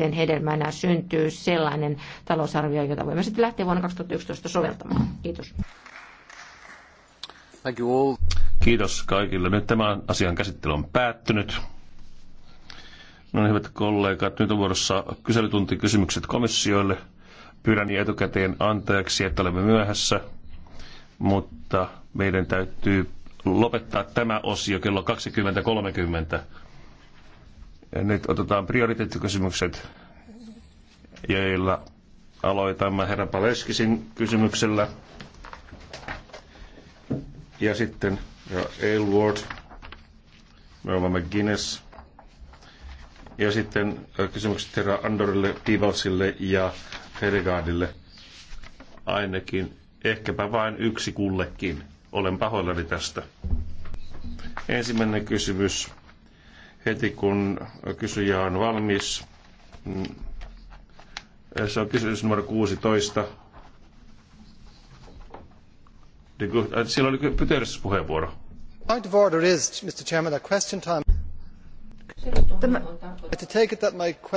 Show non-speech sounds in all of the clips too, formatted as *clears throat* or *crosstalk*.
sen hedelmänä syntyy sellainen talousarvio, jota voimme sitten lähteä vuonna 2011 soveltamaan. Kiitos. Thank you all. Kiitos kaikille. Nyt tämän asian käsittely on päättynyt. No niin, hyvät kollegat, nyt on vuorossa kyselytuntikysymykset komissioille. Pyydän etukäteen anteeksi, että olemme myöhässä, mutta meidän täytyy lopettaa tämä osio kello 20.30. Nyt otetaan prioriteettikysymykset, joilla aloitamme herra Paleskisin kysymyksellä. Ja sitten Aylward, me olemme Guinness. Ja sitten äh, kysymykset herra Andorille, Pivalsille ja Helgaadille. Ainakin, ehkäpä vain yksi kullekin. Olen pahoillani tästä. Ensimmäinen kysymys heti kun kysyjä on valmis. Mm. Se on kysymys numero 16. Äh, sillä oli pyteydessä puheenvuoro. Point of order is, Mr. Chairman, that question time. Tämä...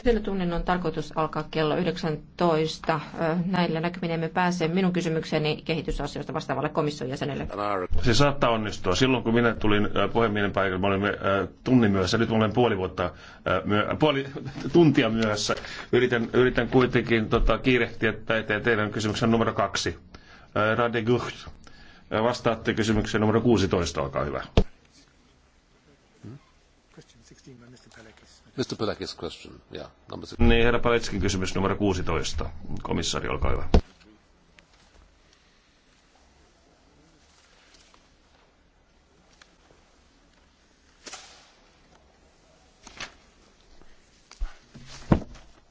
Kyselytunnin on tarkoitus alkaa kello 19. Näillä näkymin emme pääse minun kysymykseni kehitysasioista vastaavalle komission jäsenelle. Se saattaa onnistua. Silloin kun minä tulin puhemiehen paikalle, me olimme tunnin myöhässä. Nyt olen puoli, vuotta, puoli *laughs* tuntia myöhässä. Yritän, yritän kuitenkin tota, kiirehtiä tätä teidän kysymyksen numero kaksi. Rade Gucht, vastaatte kysymykseen numero 16, olkaa hyvä. Mr. Pelakis question. Yeah, number six. Niin, herra Paletskin kysymys numero 16. Komissaari, olkaa hyvä.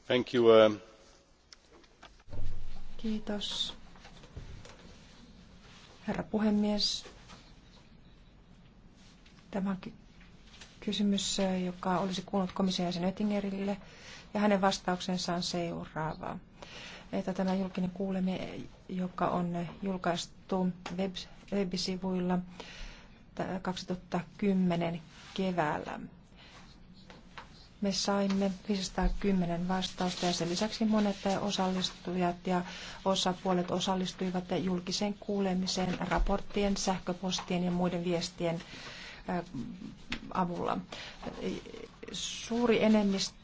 Thank you. Uh, Kiitos. Herra puhemies, tämäkin kysymys, joka olisi kuulunut komission jäsen Oettingerille, ja hänen vastauksensa on seuraava. Että tämä julkinen kuuleminen, joka on julkaistu web, web-sivuilla 2010 keväällä. Me saimme 510 vastausta ja sen lisäksi monet osallistujat ja osapuolet osallistuivat julkiseen kuulemiseen raporttien, sähköpostien ja muiden viestien avulla. Suuri enemmistö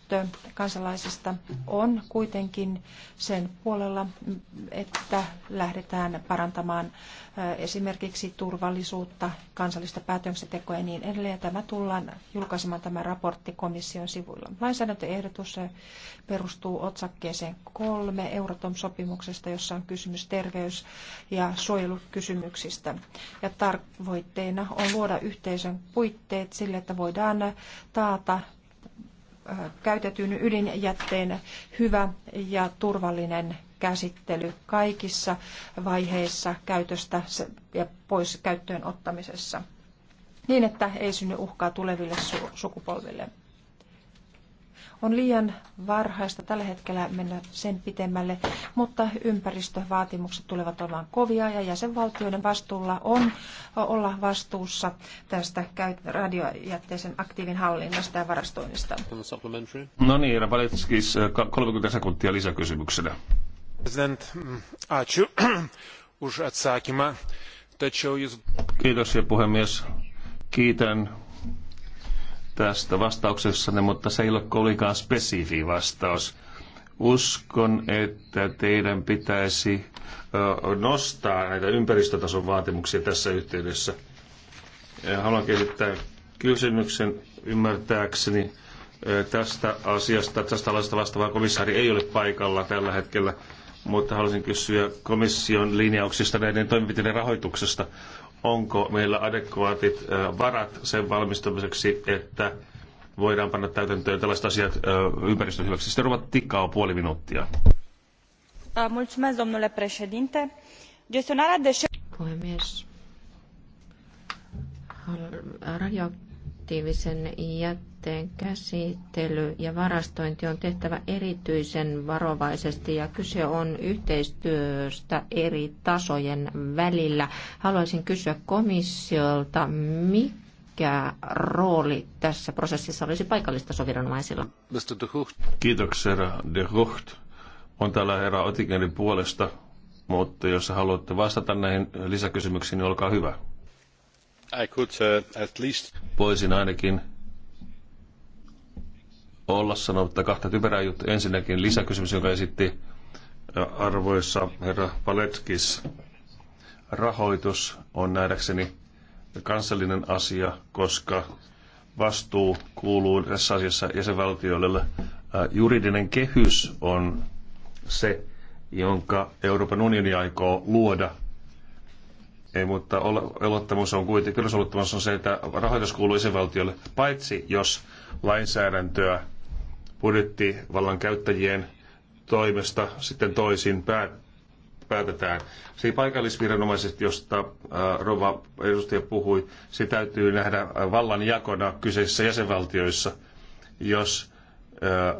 kansalaisista on kuitenkin sen puolella, että lähdetään parantamaan esimerkiksi turvallisuutta, kansallista päätöksentekoa ja niin edelleen. Tämä tullaan julkaisemaan tämä raportti komission sivuilla. Lainsäädäntöehdotus perustuu otsakkeeseen kolme Euratom-sopimuksesta, jossa on kysymys terveys- ja suojelukysymyksistä. Ja tarkoitteena on luoda yhteisön puitteet sille, että voidaan taata Äh, käytetyn ydinjätteen hyvä ja turvallinen käsittely kaikissa vaiheissa käytöstä ja pois käyttöön ottamisessa niin, että ei synny uhkaa tuleville sukupolville. On liian varhaista tällä hetkellä mennä sen pitemmälle, mutta ympäristövaatimukset tulevat olemaan kovia ja jäsenvaltioiden vastuulla on olla vastuussa tästä radiojätteisen aktiivin hallinnasta ja varastoinnista. No niin, Valitskis, 30 sekuntia lisäkysymyksenä. President, mm, ačiū *clears throat* už atsakymą, tačiau Kiitos ja puhemies. Kiitän tästä vastauksessanne, mutta se ei ole kovinkaan spesifi vastaus. Uskon, että teidän pitäisi nostaa näitä ympäristötason vaatimuksia tässä yhteydessä. Haluan kehittää kysymyksen ymmärtääkseni tästä asiasta. Tästä alaisesta vastaava komissaari ei ole paikalla tällä hetkellä, mutta haluaisin kysyä komission linjauksista näiden toimenpiteiden rahoituksesta onko meillä adekvaatit varat sen valmistamiseksi, että voidaan panna täytäntöön tällaiset asiat ympäristön hyväksi. Sitten ruvat tikkaa puoli minuuttia. Mulțumesc, domnule președinte. Gestionarea deșeurilor... Puhemies. Raja radioaktiivisen jätteen käsittely ja varastointi on tehtävä erityisen varovaisesti ja kyse on yhteistyöstä eri tasojen välillä. Haluaisin kysyä komissiolta, mikä rooli tässä prosessissa olisi soviranomaisilla? Kiitoksia, herra de Hucht. On täällä herra Otikenin puolesta, mutta jos haluatte vastata näihin lisäkysymyksiin, niin olkaa hyvä. Uh, Voisin ainakin olla sanomatta kahta typerää juttua. Ensinnäkin lisäkysymys, joka esitti äh, arvoissa herra Paletkis. Rahoitus on nähdäkseni kansallinen asia, koska vastuu kuuluu tässä asiassa jäsenvaltioille. Äh, juridinen kehys on se, jonka Euroopan unioni aikoo luoda ei, mutta elottamus on kuitenkin, kyllä olettamus on se, että rahoitus kuuluu isävaltiolle, paitsi jos lainsäädäntöä budjettivallan käyttäjien toimesta sitten toisin päät, päätetään. Se paikallisviranomaiset, josta Rova edustaja puhui, se täytyy nähdä vallan jakona kyseisissä jäsenvaltioissa, jos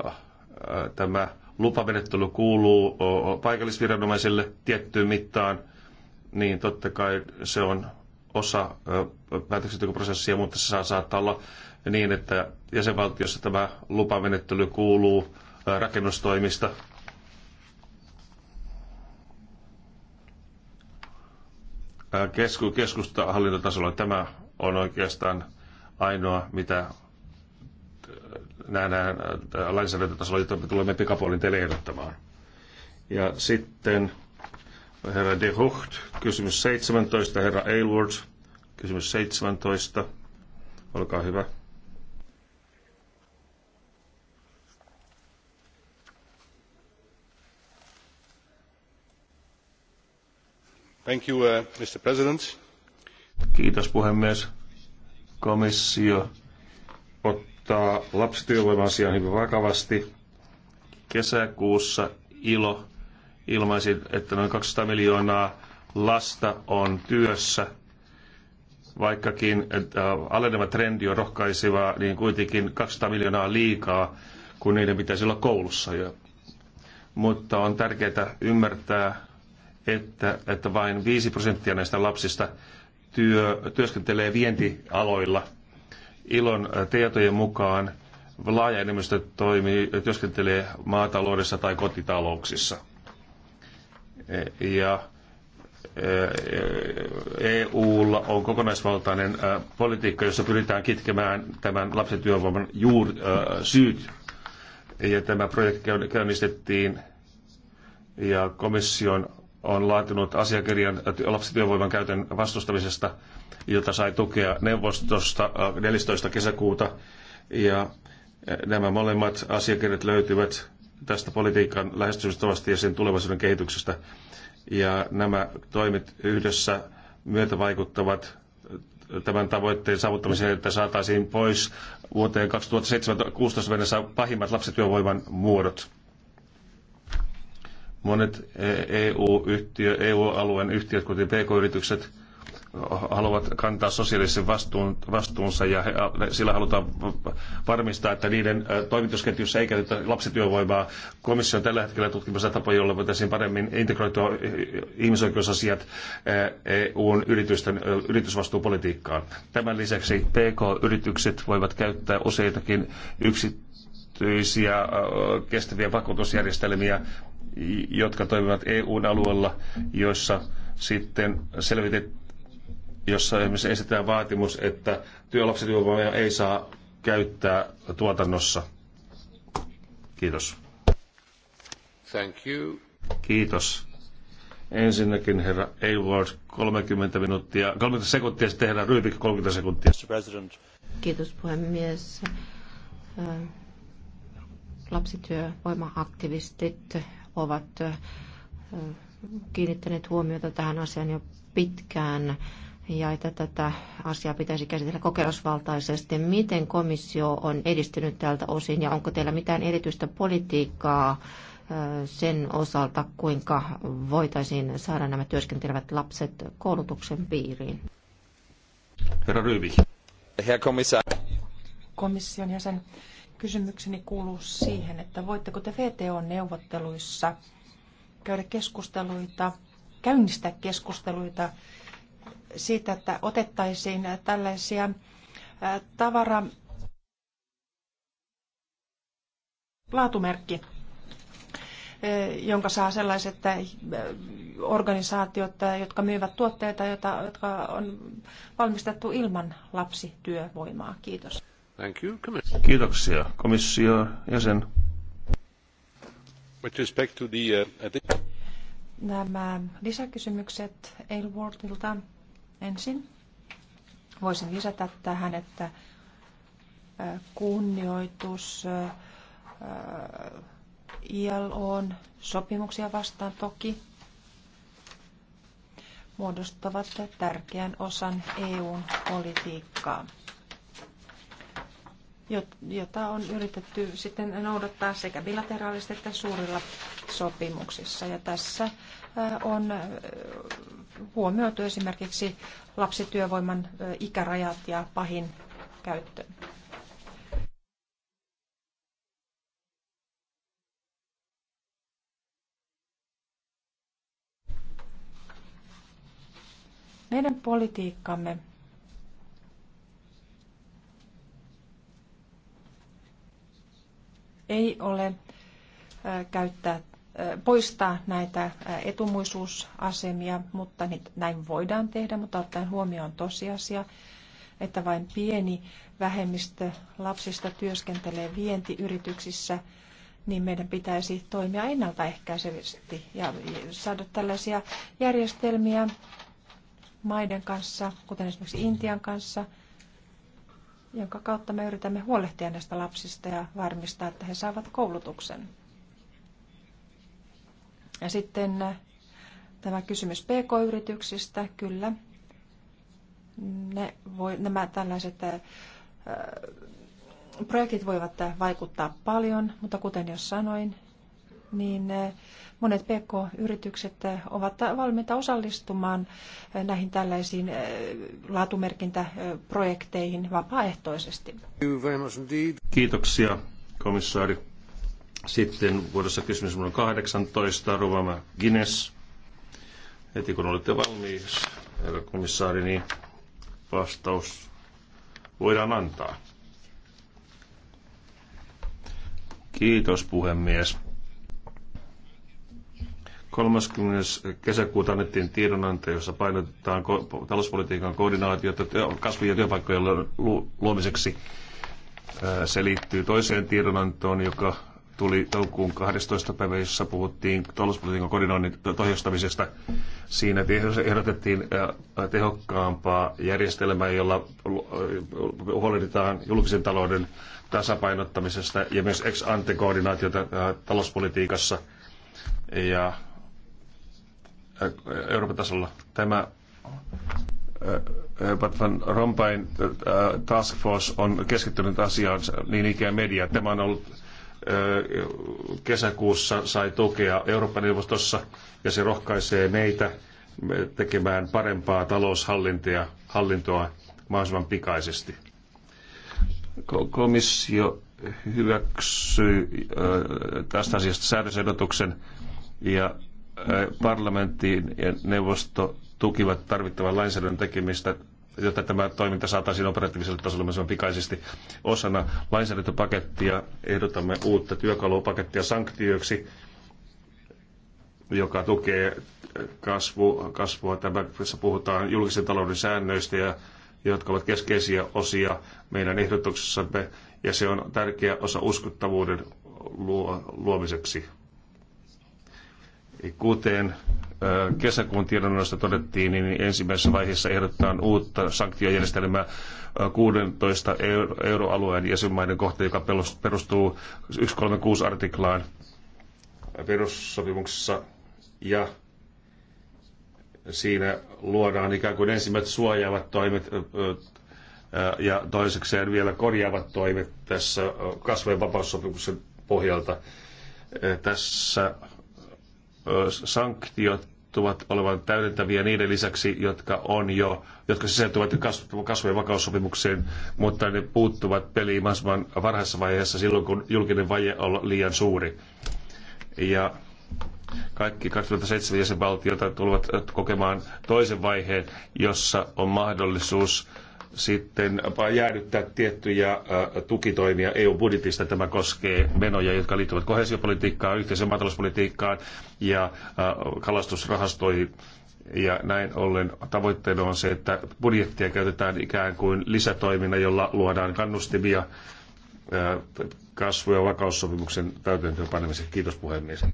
äh, äh, tämä lupamenettely kuuluu paikallisviranomaisille tiettyyn mittaan – niin totta kai se on osa päätöksentekoprosessia, mutta se saa, saattaa olla niin, että jäsenvaltiossa tämä lupamenettely kuuluu rakennustoimista. keskusta hallintotasolla tämä on oikeastaan ainoa, mitä nähdään lainsäädäntötasolla, jota me tulemme pikapuolin teille ehdottamaan. Ja sitten herra De Hucht, kysymys 17, herra Aylward, kysymys 17. Olkaa hyvä. Thank you, uh, Mr. President. Kiitos puhemies. Komissio ottaa lapsityövoima-asian hyvin vakavasti. Kesäkuussa ILO ilmaisi, että noin 200 miljoonaa lasta on työssä. Vaikkakin äh, aleneva trendi on rohkaisevaa, niin kuitenkin 200 miljoonaa liikaa, kun niiden pitäisi olla koulussa jo. Mutta on tärkeää ymmärtää, että, että vain 5 prosenttia näistä lapsista työ, työskentelee vientialoilla. Ilon äh, tietojen mukaan laaja enemmistö toimii, työskentelee maataloudessa tai kotitalouksissa ja EUlla eh, eh, e on kokonaisvaltainen eh, politiikka, jossa pyritään kitkemään tämän lapsityövoiman juur, syyt. Ja tämä projekti käynnistettiin ja komission on laatinut asiakirjan lapsityövoiman käytön vastustamisesta, jota sai tukea neuvostosta 14. kesäkuuta. Ja nämä molemmat asiakirjat löytyvät tästä politiikan lähestymistavasta ja sen tulevaisuuden kehityksestä ja nämä toimet yhdessä myötävaikuttavat tämän tavoitteen saavuttamiseen, että saataisiin pois vuoteen 2016 mennessä pahimmat lapsityövoiman muodot. Monet EU-yhtiö, EU-alueen yhtiöt, kuten PK-yritykset, haluavat kantaa sosiaalisen vastuun, vastuunsa ja he, sillä halutaan varmistaa, että niiden toimitusketjussa ei käytetä lapsityövoimaa. Komissio on tällä hetkellä tutkimassa tapoja, jolla voitaisiin paremmin integroitua ihmisoikeusasiat EUn yritysten, yritysvastuupolitiikkaan. Tämän lisäksi PK-yritykset voivat käyttää useitakin yksityisiä kestäviä vakuutusjärjestelmiä, jotka toimivat EUn alueella, joissa sitten selvitetään jossa esimerkiksi esitetään vaatimus, että työlapsityövoimia ei saa käyttää tuotannossa. Kiitos. Thank you. Kiitos. Ensinnäkin herra Award 30 minuuttia, 30 sekuntia, sitten herra Rybik 30 sekuntia. Kiitos puhemies. Lapsityövoimaaktivistit ovat kiinnittäneet huomiota tähän asiaan jo pitkään ja että tätä asiaa pitäisi käsitellä kokeilusvaltaisesti. Miten komissio on edistynyt tältä osin ja onko teillä mitään erityistä politiikkaa sen osalta, kuinka voitaisiin saada nämä työskentelevät lapset koulutuksen piiriin? Herra Ryvi. Herra komissaari. Komission jäsen, kysymykseni kuuluu siihen, että voitteko te VTO-neuvotteluissa käydä keskusteluita, käynnistää keskusteluita siitä, että otettaisiin tällaisia tavara laatumerkki, jonka saa sellaiset organisaatiot, jotka myyvät tuotteita, jotka on valmistettu ilman lapsityövoimaa. Kiitos. Thank you. Kiitoksia komissio jäsen. With respect to the, uh, nämä lisäkysymykset Aylwardilta ensin. Voisin lisätä tähän, että kunnioitus ILOn sopimuksia vastaan toki muodostavat tärkeän osan EUn politiikkaa jota on yritetty sitten noudattaa sekä bilateraalisesti että suurilla sopimuksissa. Ja tässä äh, on äh, huomioitu esimerkiksi lapsityövoiman äh, ikärajat ja pahin käyttö. Meidän politiikkamme ei ole käyttää, poistaa näitä etumuisuusasemia, mutta näin voidaan tehdä, mutta ottaen huomioon tosiasia, että vain pieni vähemmistö lapsista työskentelee vientiyrityksissä, niin meidän pitäisi toimia ennaltaehkäisevästi ja saada tällaisia järjestelmiä maiden kanssa, kuten esimerkiksi Intian kanssa – jonka kautta me yritämme huolehtia näistä lapsista ja varmistaa, että he saavat koulutuksen. Ja sitten äh, tämä kysymys PK-yrityksistä, kyllä. Ne voi, nämä tällaiset äh, äh, projektit voivat vaikuttaa paljon, mutta kuten jo sanoin, niin äh, Monet PK-yritykset ovat valmiita osallistumaan näihin tällaisiin eh, laatumerkintäprojekteihin vapaaehtoisesti. Kiitoksia, komissaari. Sitten vuodessa kysymys numero 18, Ruvama Guinness. Heti kun olette valmiis, herra komissaari, niin vastaus voidaan antaa. Kiitos puhemies. 30. kesäkuuta annettiin tiedonanto, jossa painotetaan talouspolitiikan koordinaatiota kasvien ja työpaikkojen luomiseksi. Se liittyy toiseen tiedonantoon, joka tuli toukokuun 12. päivä, jossa puhuttiin talouspolitiikan koordinoinnin tohjostamisesta. Siinä ehdotettiin tehokkaampaa järjestelmää, jolla huolehditaan julkisen talouden tasapainottamisesta ja myös ex ante koordinaatiota talouspolitiikassa. Ja Äh, Euroopan tasolla. Tämä Pat äh, van Rompain äh, task force on keskittynyt asiaan niin ikään mediaan. Tämä on ollut kesäkuussa sai tukea Euroopan neuvostossa ja se rohkaisee meitä tekemään parempaa taloushallintoa hallintoa mahdollisimman pikaisesti. Komissio hyväksyi tästä asiasta säädösehdotuksen ja parlamenttiin ja neuvosto tukivat tarvittavan lainsäädännön tekemistä, jotta tämä toiminta saataisiin operatiiviselle tasolle mahdollisimman pikaisesti osana lainsäädäntöpakettia. Ehdotamme uutta työkalupakettia sanktioiksi, joka tukee kasvu, kasvua. Tässä puhutaan julkisen talouden säännöistä, ja, jotka ovat keskeisiä osia meidän ehdotuksessamme, ja se on tärkeä osa uskottavuuden luomiseksi. Kuten kesäkuun tiedonannosta todettiin, niin ensimmäisessä vaiheessa ehdotetaan uutta sanktiojärjestelmää 16 euroalueen jäsenmaiden kohta, joka perustuu 136 artiklaan perussopimuksessa ja siinä luodaan ikään kuin ensimmäiset suojaavat toimet ja toisekseen vielä korjaavat toimet tässä kasvojen vapaussopimuksen pohjalta. Tässä sanktiot tuntuvat olevan täydentäviä niiden lisäksi, jotka on jo, jotka sisältyvät kasvu- ja vakaussopimukseen, mutta ne puuttuvat peliin mahdollisimman varhaisessa vaiheessa silloin, kun julkinen vaje on liian suuri. Ja kaikki 27 jäsenvaltiota tulevat kokemaan toisen vaiheen, jossa on mahdollisuus sitten jäädyttää tiettyjä tukitoimia EU-budjetista. Tämä koskee menoja, jotka liittyvät kohesiopolitiikkaan, yhteiseen maatalouspolitiikkaan ja kalastusrahastoihin. Ja näin ollen tavoitteena on se, että budjettia käytetään ikään kuin lisätoimina, jolla luodaan kannustimia kasvu- ja vakaussopimuksen täytäntöönpanemiseen. Kiitos puhemies.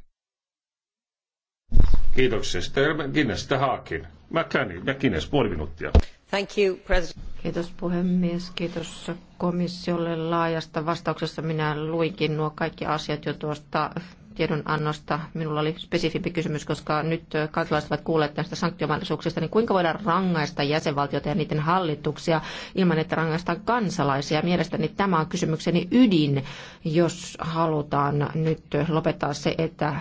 Kiitoksia. Sitten Guinness, Haakin. Mä käyn, mä Guinness, puoli minuuttia. Thank you, president. Kiitos puhemies, kiitos komissiolle laajasta vastauksessa. Minä luinkin nuo kaikki asiat jo tuosta tiedonannosta. Minulla oli spesifimpi kysymys, koska nyt kansalaiset ovat kuulleet näistä sanktiomahdollisuuksista, niin kuinka voidaan rangaista jäsenvaltioita ja niiden hallituksia ilman, että rangaistaan kansalaisia? Mielestäni tämä on kysymykseni ydin, jos halutaan nyt lopettaa se, että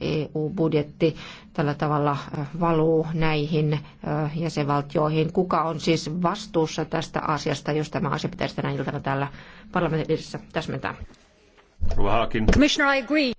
EU-budjetti tällä tavalla valuu näihin äh, jäsenvaltioihin. Kuka on siis vastuussa tästä asiasta, jos tämä asia pitäisi tänä iltana täällä parlamentissa täsmentää? Commissioner, I agree.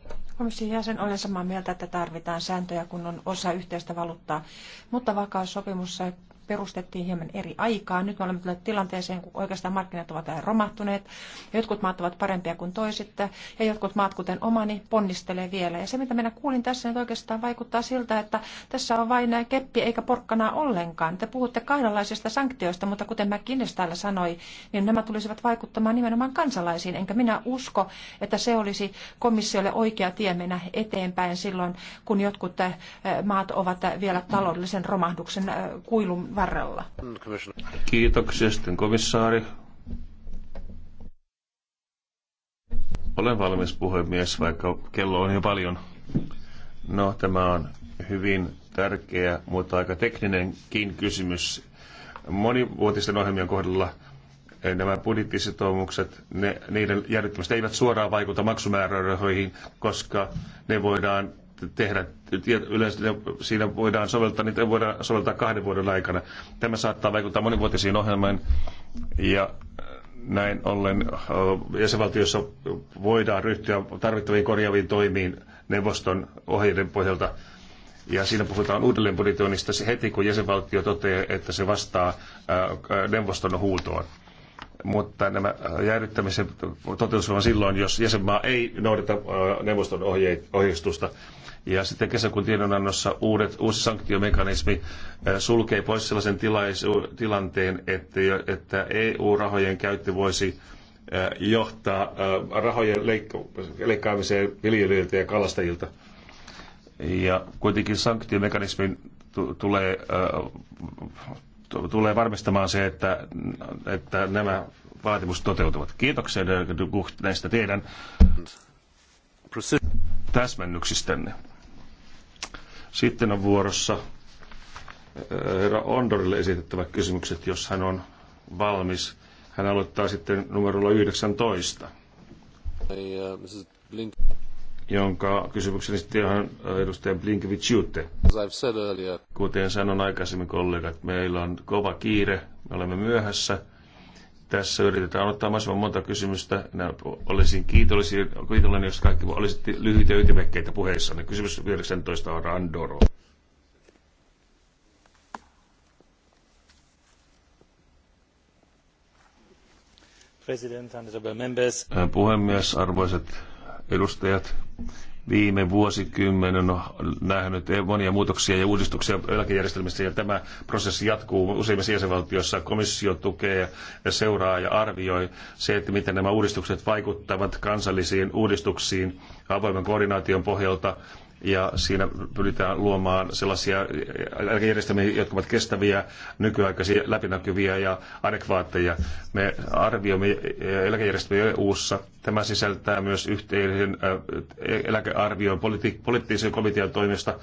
Komission jäsen, olen samaa mieltä, että tarvitaan sääntöjä, kun on osa yhteistä valuuttaa, mutta vakaussopimus perustettiin hieman eri aikaan. Nyt me olemme tulleet tilanteeseen, kun oikeastaan markkinat ovat romahtuneet. Jotkut maat ovat parempia kuin toiset ja jotkut maat, kuten omani, ponnistelee vielä. Ja se, mitä minä kuulin tässä, nyt oikeastaan vaikuttaa siltä, että tässä on vain keppi eikä porkkanaa ollenkaan. Te puhutte kahdenlaisista sanktioista, mutta kuten McKinnes täällä sanoi, niin nämä tulisivat vaikuttamaan nimenomaan kansalaisiin. Enkä minä usko, että se olisi komissiolle oikea tie mennä eteenpäin silloin, kun jotkut eh, maat ovat vielä taloudellisen romahduksen eh, kuilun varrella. Kiitoksia sitten komissaari. Olen valmis puhemies, vaikka kello on jo paljon. No, tämä on hyvin tärkeä, mutta aika tekninenkin kysymys. Monivuotisten ohjelmien kohdalla eh, nämä budjettisitoumukset, ne, niiden jäädyttämistä eivät suoraan vaikuta maksumäärärahoihin, koska ne voidaan tehdä, yleensä siinä voidaan soveltaa, niitä voidaan soveltaa kahden vuoden aikana. Tämä saattaa vaikuttaa monivuotisiin ohjelmiin ja näin ollen jäsenvaltiossa voidaan ryhtyä tarvittaviin korjaaviin toimiin neuvoston ohjeiden pohjalta. Ja siinä puhutaan uudelleenbudjetoinnista heti, kun jäsenvaltio toteaa, että se vastaa neuvoston huutoon mutta nämä jäädyttämisen toteutus on silloin, jos jäsenmaa ei noudata neuvoston ohjeistusta. Ja sitten kesäkuun tiedonannossa uudet, uusi sanktiomekanismi sulkee pois sellaisen tilaisu, tilanteen, että, että EU-rahojen käyttö voisi johtaa rahojen leikka- leikkaamiseen viljelijöiltä ja kalastajilta. Ja kuitenkin sanktiomekanismin tulee, tulee varmistamaan se, että, että nämä vaatimukset toteutuvat. Kiitoksia näistä teidän täsmennyksistänne. Sitten on vuorossa äh, herra Ondorille esitettävät kysymykset, jos hän on valmis. Hän aloittaa sitten numerolla 19, uh, jonka kysymyksen sitten ihan äh, edustaja Blinkevich Kuten sanon aikaisemmin kollegat, meillä on kova kiire, me olemme myöhässä – tässä yritetään ottaa mahdollisimman monta kysymystä. Minä olisin kiitollinen, kiitollinen jos kaikki olisitte lyhyitä ja ytimekkeitä puheissa. Kysymys 19 on Andoro. Puhemies, arvoisat edustajat, viime vuosikymmenen on nähnyt monia muutoksia ja uudistuksia eläkejärjestelmissä ja tämä prosessi jatkuu useimmissa jäsenvaltioissa. Komissio tukee ja seuraa ja arvioi se, että miten nämä uudistukset vaikuttavat kansallisiin uudistuksiin avoimen koordinaation pohjalta ja siinä pyritään luomaan sellaisia järjestelmiä, jotka ovat kestäviä, nykyaikaisia, läpinäkyviä ja adekvaatteja. Me arvioimme eläkejärjestelmiä EU-ssa. Tämä sisältää myös yhteisen äh, eläkearvion politi- poliittisen komitean toimesta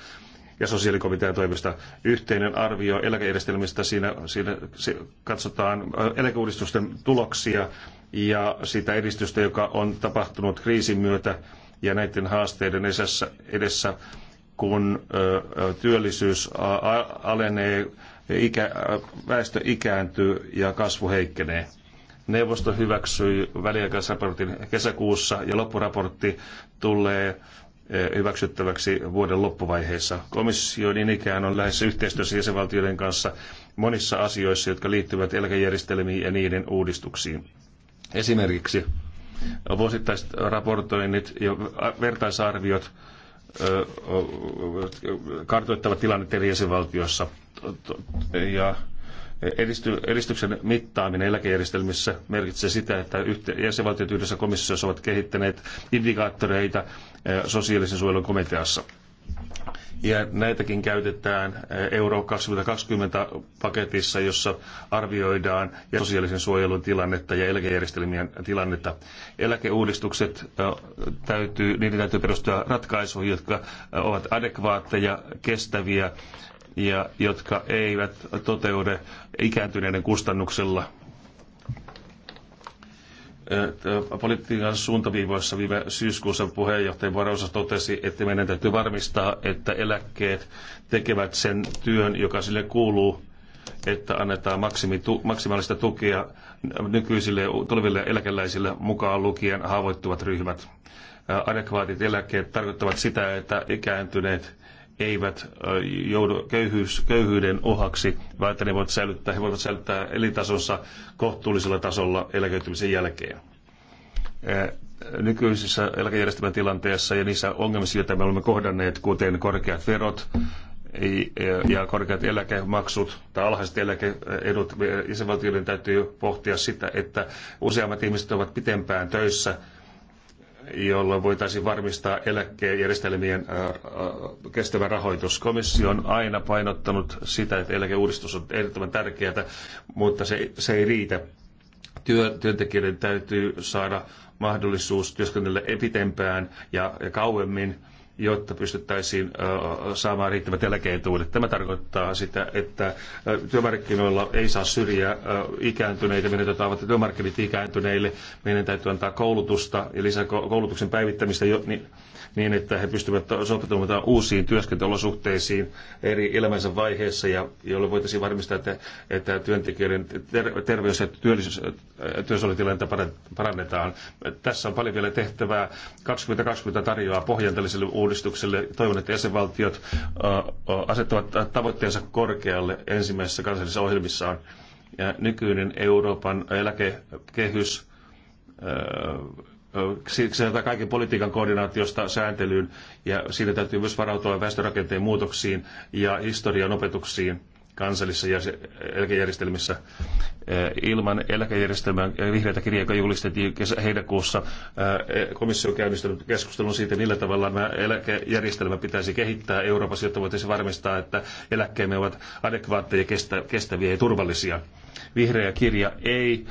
ja sosiaalikomitean toimesta yhteinen arvio eläkejärjestelmistä. Siinä, siinä katsotaan äh, eläkeuudistusten tuloksia ja sitä edistystä, joka on tapahtunut kriisin myötä ja näiden haasteiden edessä, kun työllisyys alenee, ikä, väestö ikääntyy ja kasvu heikkenee. Neuvosto hyväksyi väliaikaisraportin kesäkuussa ja loppuraportti tulee hyväksyttäväksi vuoden loppuvaiheessa. Komissio niin ikään on lähes yhteistyössä jäsenvaltioiden kanssa monissa asioissa, jotka liittyvät eläkejärjestelmiin ja niiden uudistuksiin. Esimerkiksi vuosittaiset raportoinnit ja vertaisarviot kartoittavat tilannetta eri jäsenvaltioissa. Ja edistyksen mittaaminen eläkejärjestelmissä merkitsee sitä, että jäsenvaltiot yhdessä komissiossa ovat kehittäneet indikaattoreita sosiaalisen suojelun komiteassa ja näitäkin käytetään eh, Euro 2020 paketissa, jossa arvioidaan sosiaalisen suojelun tilannetta ja eläkejärjestelmien tilannetta. Eläkeuudistukset eh, täytyy, niiden täytyy perustua ratkaisuihin, jotka eh, ovat adekvaatteja, kestäviä ja jotka eivät toteudu ikääntyneiden kustannuksella politiikan suuntaviivoissa viime syyskuussa puheenjohtaja Varosa totesi, että meidän täytyy varmistaa, että eläkkeet tekevät sen työn, joka sille kuuluu, että annetaan maksimi, maksimaalista tukea nykyisille tuleville eläkeläisille mukaan lukien haavoittuvat ryhmät. Adekvaatit eläkkeet tarkoittavat sitä, että ikääntyneet eivät joudu köyhyys, köyhyyden ohaksi, vaan että ne voivat säilyttää, he voivat säilyttää elintasonsa kohtuullisella tasolla eläköitymisen jälkeen. Nykyisessä eläkejärjestelmän tilanteessa ja niissä ongelmissa, joita me olemme kohdanneet, kuten korkeat verot, ja korkeat eläkemaksut tai alhaiset eläkeedut, jäsenvaltioiden täytyy pohtia sitä, että useammat ihmiset ovat pitempään töissä jolla voitaisiin varmistaa eläkejärjestelmien kestävä rahoitus. Komissio on aina painottanut sitä, että eläkeuudistus on ehdottoman tärkeää, mutta se, se ei riitä. Työ, työntekijöiden täytyy saada mahdollisuus työskennellä pitempään ja, ja kauemmin jotta pystyttäisiin saamaan riittävät eläkeetuudet. Tämä tarkoittaa sitä, että työmarkkinoilla ei saa syrjiä ikääntyneitä, meidän täytyy avata työmarkkinat ikääntyneille, meidän täytyy antaa koulutusta ja lisää koulutuksen päivittämistä, niin niin, että he pystyvät sopeutumaan uusiin työskentelyolosuhteisiin eri elämänsä vaiheessa, ja jolle voitaisiin varmistaa, että, että työntekijöiden ter- terveys- ja työsuojelutilannetta parannetaan. Tässä on paljon vielä tehtävää. 2020 tarjoaa pohjan tällaiselle uudistukselle. Toivon, että jäsenvaltiot asettavat tavoitteensa korkealle ensimmäisessä kansallisessa ohjelmissaan. Ja nykyinen Euroopan eläkekehys siksi sanotaan kaiken politiikan koordinaatiosta sääntelyyn ja siinä täytyy myös varautua väestörakenteen muutoksiin ja historian opetuksiin kansallisissa eläkejärjestelmissä. Eh, ilman eläkejärjestelmää eh, vihreitä kirjaa, joka julistettiin kesä, heinäkuussa, eh, komissio on käynnistänyt keskustelun siitä, millä tavalla nämä eläkejärjestelmä pitäisi kehittää Euroopassa, jotta voitaisiin varmistaa, että eläkkeemme ovat adekvaatteja, kestäviä ja turvallisia. Vihreä kirja ei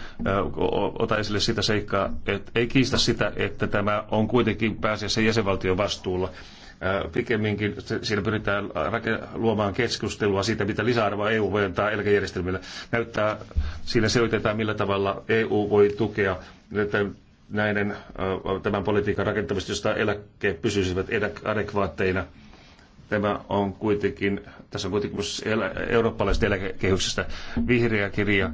ota esille sitä seikkaa, että ei kiistä sitä, että tämä on kuitenkin pääasiassa jäsenvaltion vastuulla pikemminkin siinä pyritään luomaan keskustelua siitä, mitä lisäarvoa EU voi antaa eläkejärjestelmille. Näyttää, siinä selvitetään, millä tavalla EU voi tukea näiden, tämän politiikan rakentamista, josta eläkkeet pysyisivät adekvaatteina. Tämä on kuitenkin, tässä on kuitenkin eurooppalaisesta eläkekehyksestä vihreä kirja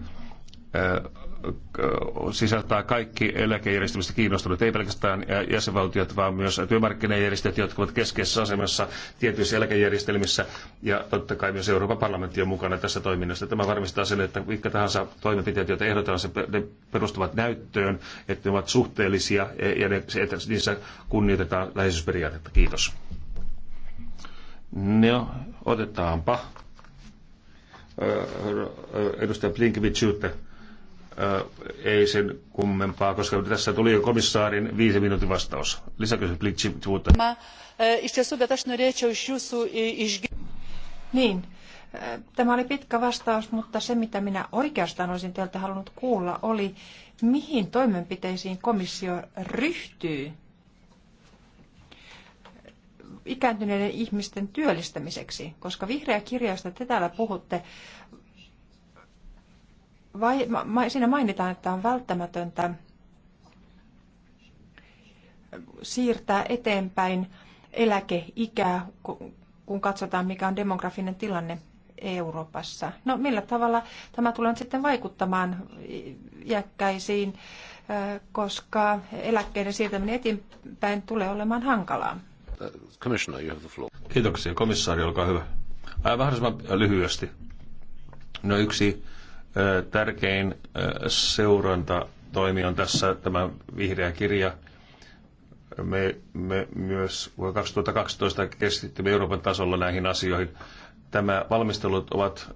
sisältää kaikki eläkejärjestelmistä kiinnostuneet, ei pelkästään jäsenvaltiot, vaan myös työmarkkinajärjestöt, jotka ovat keskeisessä asemassa tietyissä eläkejärjestelmissä. Ja totta kai myös Euroopan parlamentti on mukana tässä toiminnassa. Tämä varmistaa sen, että mitkä tahansa toimenpiteet, joita ehdotetaan, se, ne perustuvat näyttöön, että ne ovat suhteellisia ja ne, että niissä kunnioitetaan läheisyysperiaatetta. Kiitos. No, otetaanpa edustaja Blinkevichiutta ei sen kummempaa, koska tässä tuli jo komissaarin viisi minuutin vastaus. Lisäkysymys Blitzivuutta. E, niin, e, tämä oli pitkä vastaus, mutta se mitä minä oikeastaan olisin teiltä halunnut kuulla oli, mihin toimenpiteisiin komissio ryhtyy ikääntyneiden ihmisten työllistämiseksi, koska vihreä kirjasta te täällä puhutte vai, ma, siinä mainitaan, että on välttämätöntä siirtää eteenpäin eläkeikää, kun katsotaan, mikä on demografinen tilanne Euroopassa. No millä tavalla tämä tulee nyt sitten vaikuttamaan jäkkäisiin, koska eläkkeiden siirtäminen eteenpäin tulee olemaan hankalaa? Uh, Commissioner, you have the floor. Kiitoksia. Komissaari, olkaa hyvä. Vähän lyhyesti. No yksi Tärkein seurantatoimi on tässä tämä vihreä kirja. Me, me myös vuonna 2012 keskittymme Euroopan tasolla näihin asioihin. Tämä valmistelut ovat,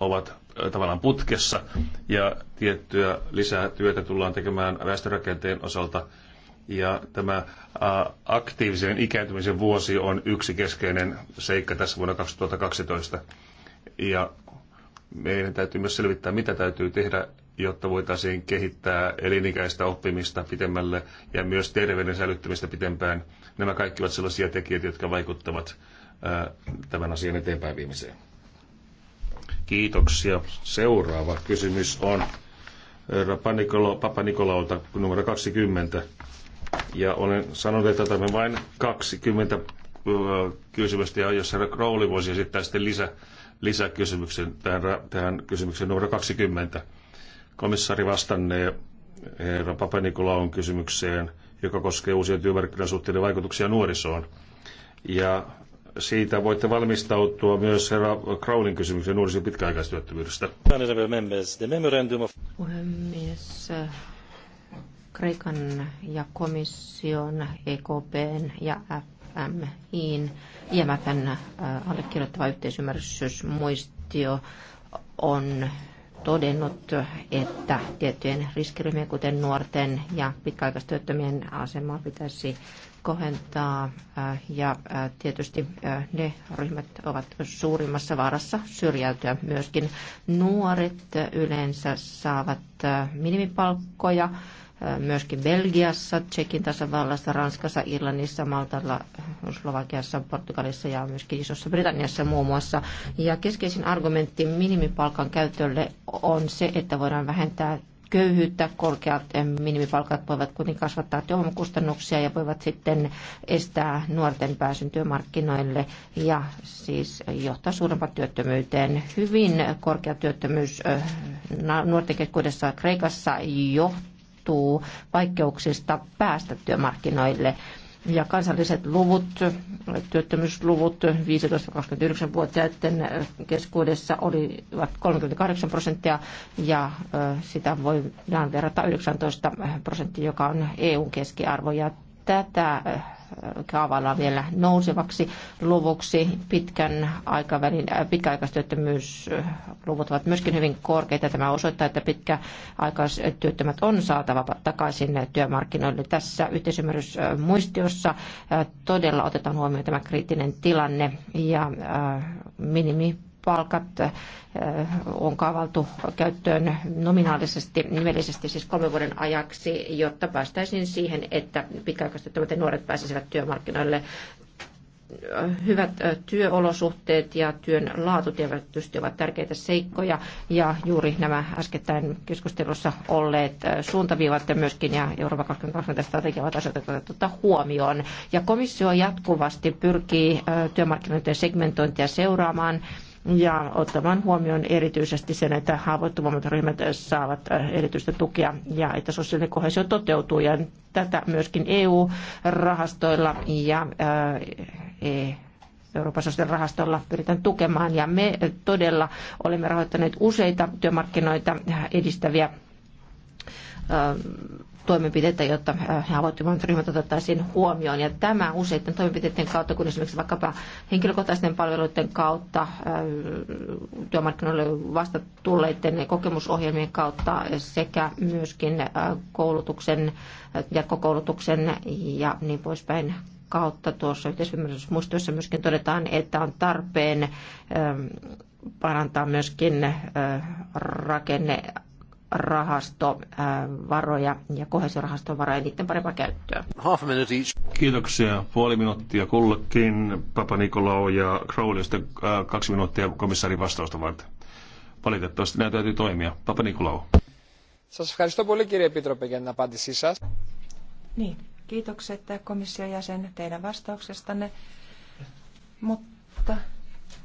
ovat tavallaan putkessa ja tiettyä lisää työtä tullaan tekemään väestörakenteen osalta. Ja tämä aktiivisen ikääntymisen vuosi on yksi keskeinen seikka tässä vuonna 2012. Ja meidän täytyy myös selvittää, mitä täytyy tehdä, jotta voitaisiin kehittää elinikäistä oppimista pitemmälle ja myös terveyden säilyttämistä pitempään. Nämä kaikki ovat sellaisia tekijöitä, jotka vaikuttavat tämän asian eteenpäin viimeiseen. Kiitoksia. Seuraava kysymys on Papa Nikolaulta numero 20. Ja olen sanonut, että otamme vain 20 kysymystä, ja jos herra Crowley voisi esittää sitten lisää lisäkysymyksen tähän, tähän kysymykseen numero 20. Komissari vastannee herra Papanikolaon kysymykseen, joka koskee uusien työmarkkinasuhteiden vaikutuksia nuorisoon. Ja siitä voitte valmistautua myös herra Crowlin kysymykseen nuorisoon pitkäaikaistyöttömyydestä. Puhemies, Kreikan ja komission, EKPn ja F IFMIin. IMFn äh, allekirjoittava yhteisymmärrysmuistio on todennut, että tiettyjen riskiryhmien, kuten nuorten ja pitkäaikaistyöttömien asemaa pitäisi kohentaa. Äh, ja äh, tietysti ne ryhmät ovat suurimmassa vaarassa syrjäytyä myöskin. Nuoret yleensä saavat minimipalkkoja myöskin Belgiassa, Tsekin tasavallassa, Ranskassa, Irlannissa, Maltalla, Slovakiassa, Portugalissa ja myöskin Isossa Britanniassa muun muassa. Ja keskeisin argumentti minimipalkan käytölle on se, että voidaan vähentää köyhyyttä, korkeat eh, minimipalkat voivat kuitenkin kasvattaa työvoimakustannuksia ja voivat sitten estää nuorten pääsyn työmarkkinoille ja siis johtaa suurempaan työttömyyteen. Hyvin korkea työttömyys eh, nuorten keskuudessa Kreikassa johtaa vastuu vaikeuksista päästä työmarkkinoille. Ja kansalliset luvut, työttömyysluvut 15-29-vuotiaiden keskuudessa olivat 38 prosenttia ja sitä voidaan verrata 19 prosenttia, joka on eu keskiarvo. Ja tätä kaavalla vielä nousevaksi luvuksi. Pitkän aikavälin, äh, pitkäaikaistyöttömyysluvut ovat myöskin hyvin korkeita. Tämä osoittaa, että pitkäaikaistyöttömät on saatava takaisin työmarkkinoille. Tässä yhteisymmärrysmuistiossa äh, todella otetaan huomioon tämä kriittinen tilanne ja äh, minimi palkat äh, on kaavaltu käyttöön nominaalisesti, nimellisesti siis kolmen vuoden ajaksi, jotta päästäisiin siihen, että pitkäaikaistyöttömät ja nuoret pääsisivät työmarkkinoille hyvät äh, työolosuhteet ja työn laatu tietysti ovat tärkeitä seikkoja ja juuri nämä äskettäin keskustelussa olleet äh, suuntaviivat ja myöskin ja Euroopan 2020 strategia ovat asioita huomioon. Ja komissio jatkuvasti pyrkii työmarkkinoiden segmentointia seuraamaan ja ottamaan huomioon erityisesti sen, että haavoittuvammat ryhmät saavat äh, erityistä tukea ja että sosiaalinen kohesio toteutuu. Ja tätä myöskin EU-rahastoilla ja äh, e- Euroopan sosiaalisen rahastolla pyritään tukemaan. Ja me todella olemme rahoittaneet useita työmarkkinoita edistäviä äh, toimenpiteitä, jotta haavoittuvat äh, ryhmät otettaisiin huomioon. Ja tämä useiden toimenpiteiden kautta, kun esimerkiksi vaikkapa henkilökohtaisten palveluiden kautta, äh, työmarkkinoille vasta tulleiden kokemusohjelmien kautta sekä myöskin äh, koulutuksen, jatkokoulutuksen ja niin poispäin kautta tuossa yhteisymmärrysmuistossa myöskin todetaan, että on tarpeen ähm, parantaa myöskin rakenne rahastovaroja äh, ja kohesiorahaston varoja niiden parempaa käyttöä. Half a minute each. Kiitoksia. Puoli minuuttia kullekin. Papa Nikolao ja Crowley, sitten äh, kaksi minuuttia komissaarin vastausta varten. Valitettavasti näitä täytyy toimia. Papa Nikolao. Σας ευχαριστώ πολύ κύριε Επίτροπε για την απάντησή σας. Niin, kiitokset komission jäsen teidän vastauksestanne, mutta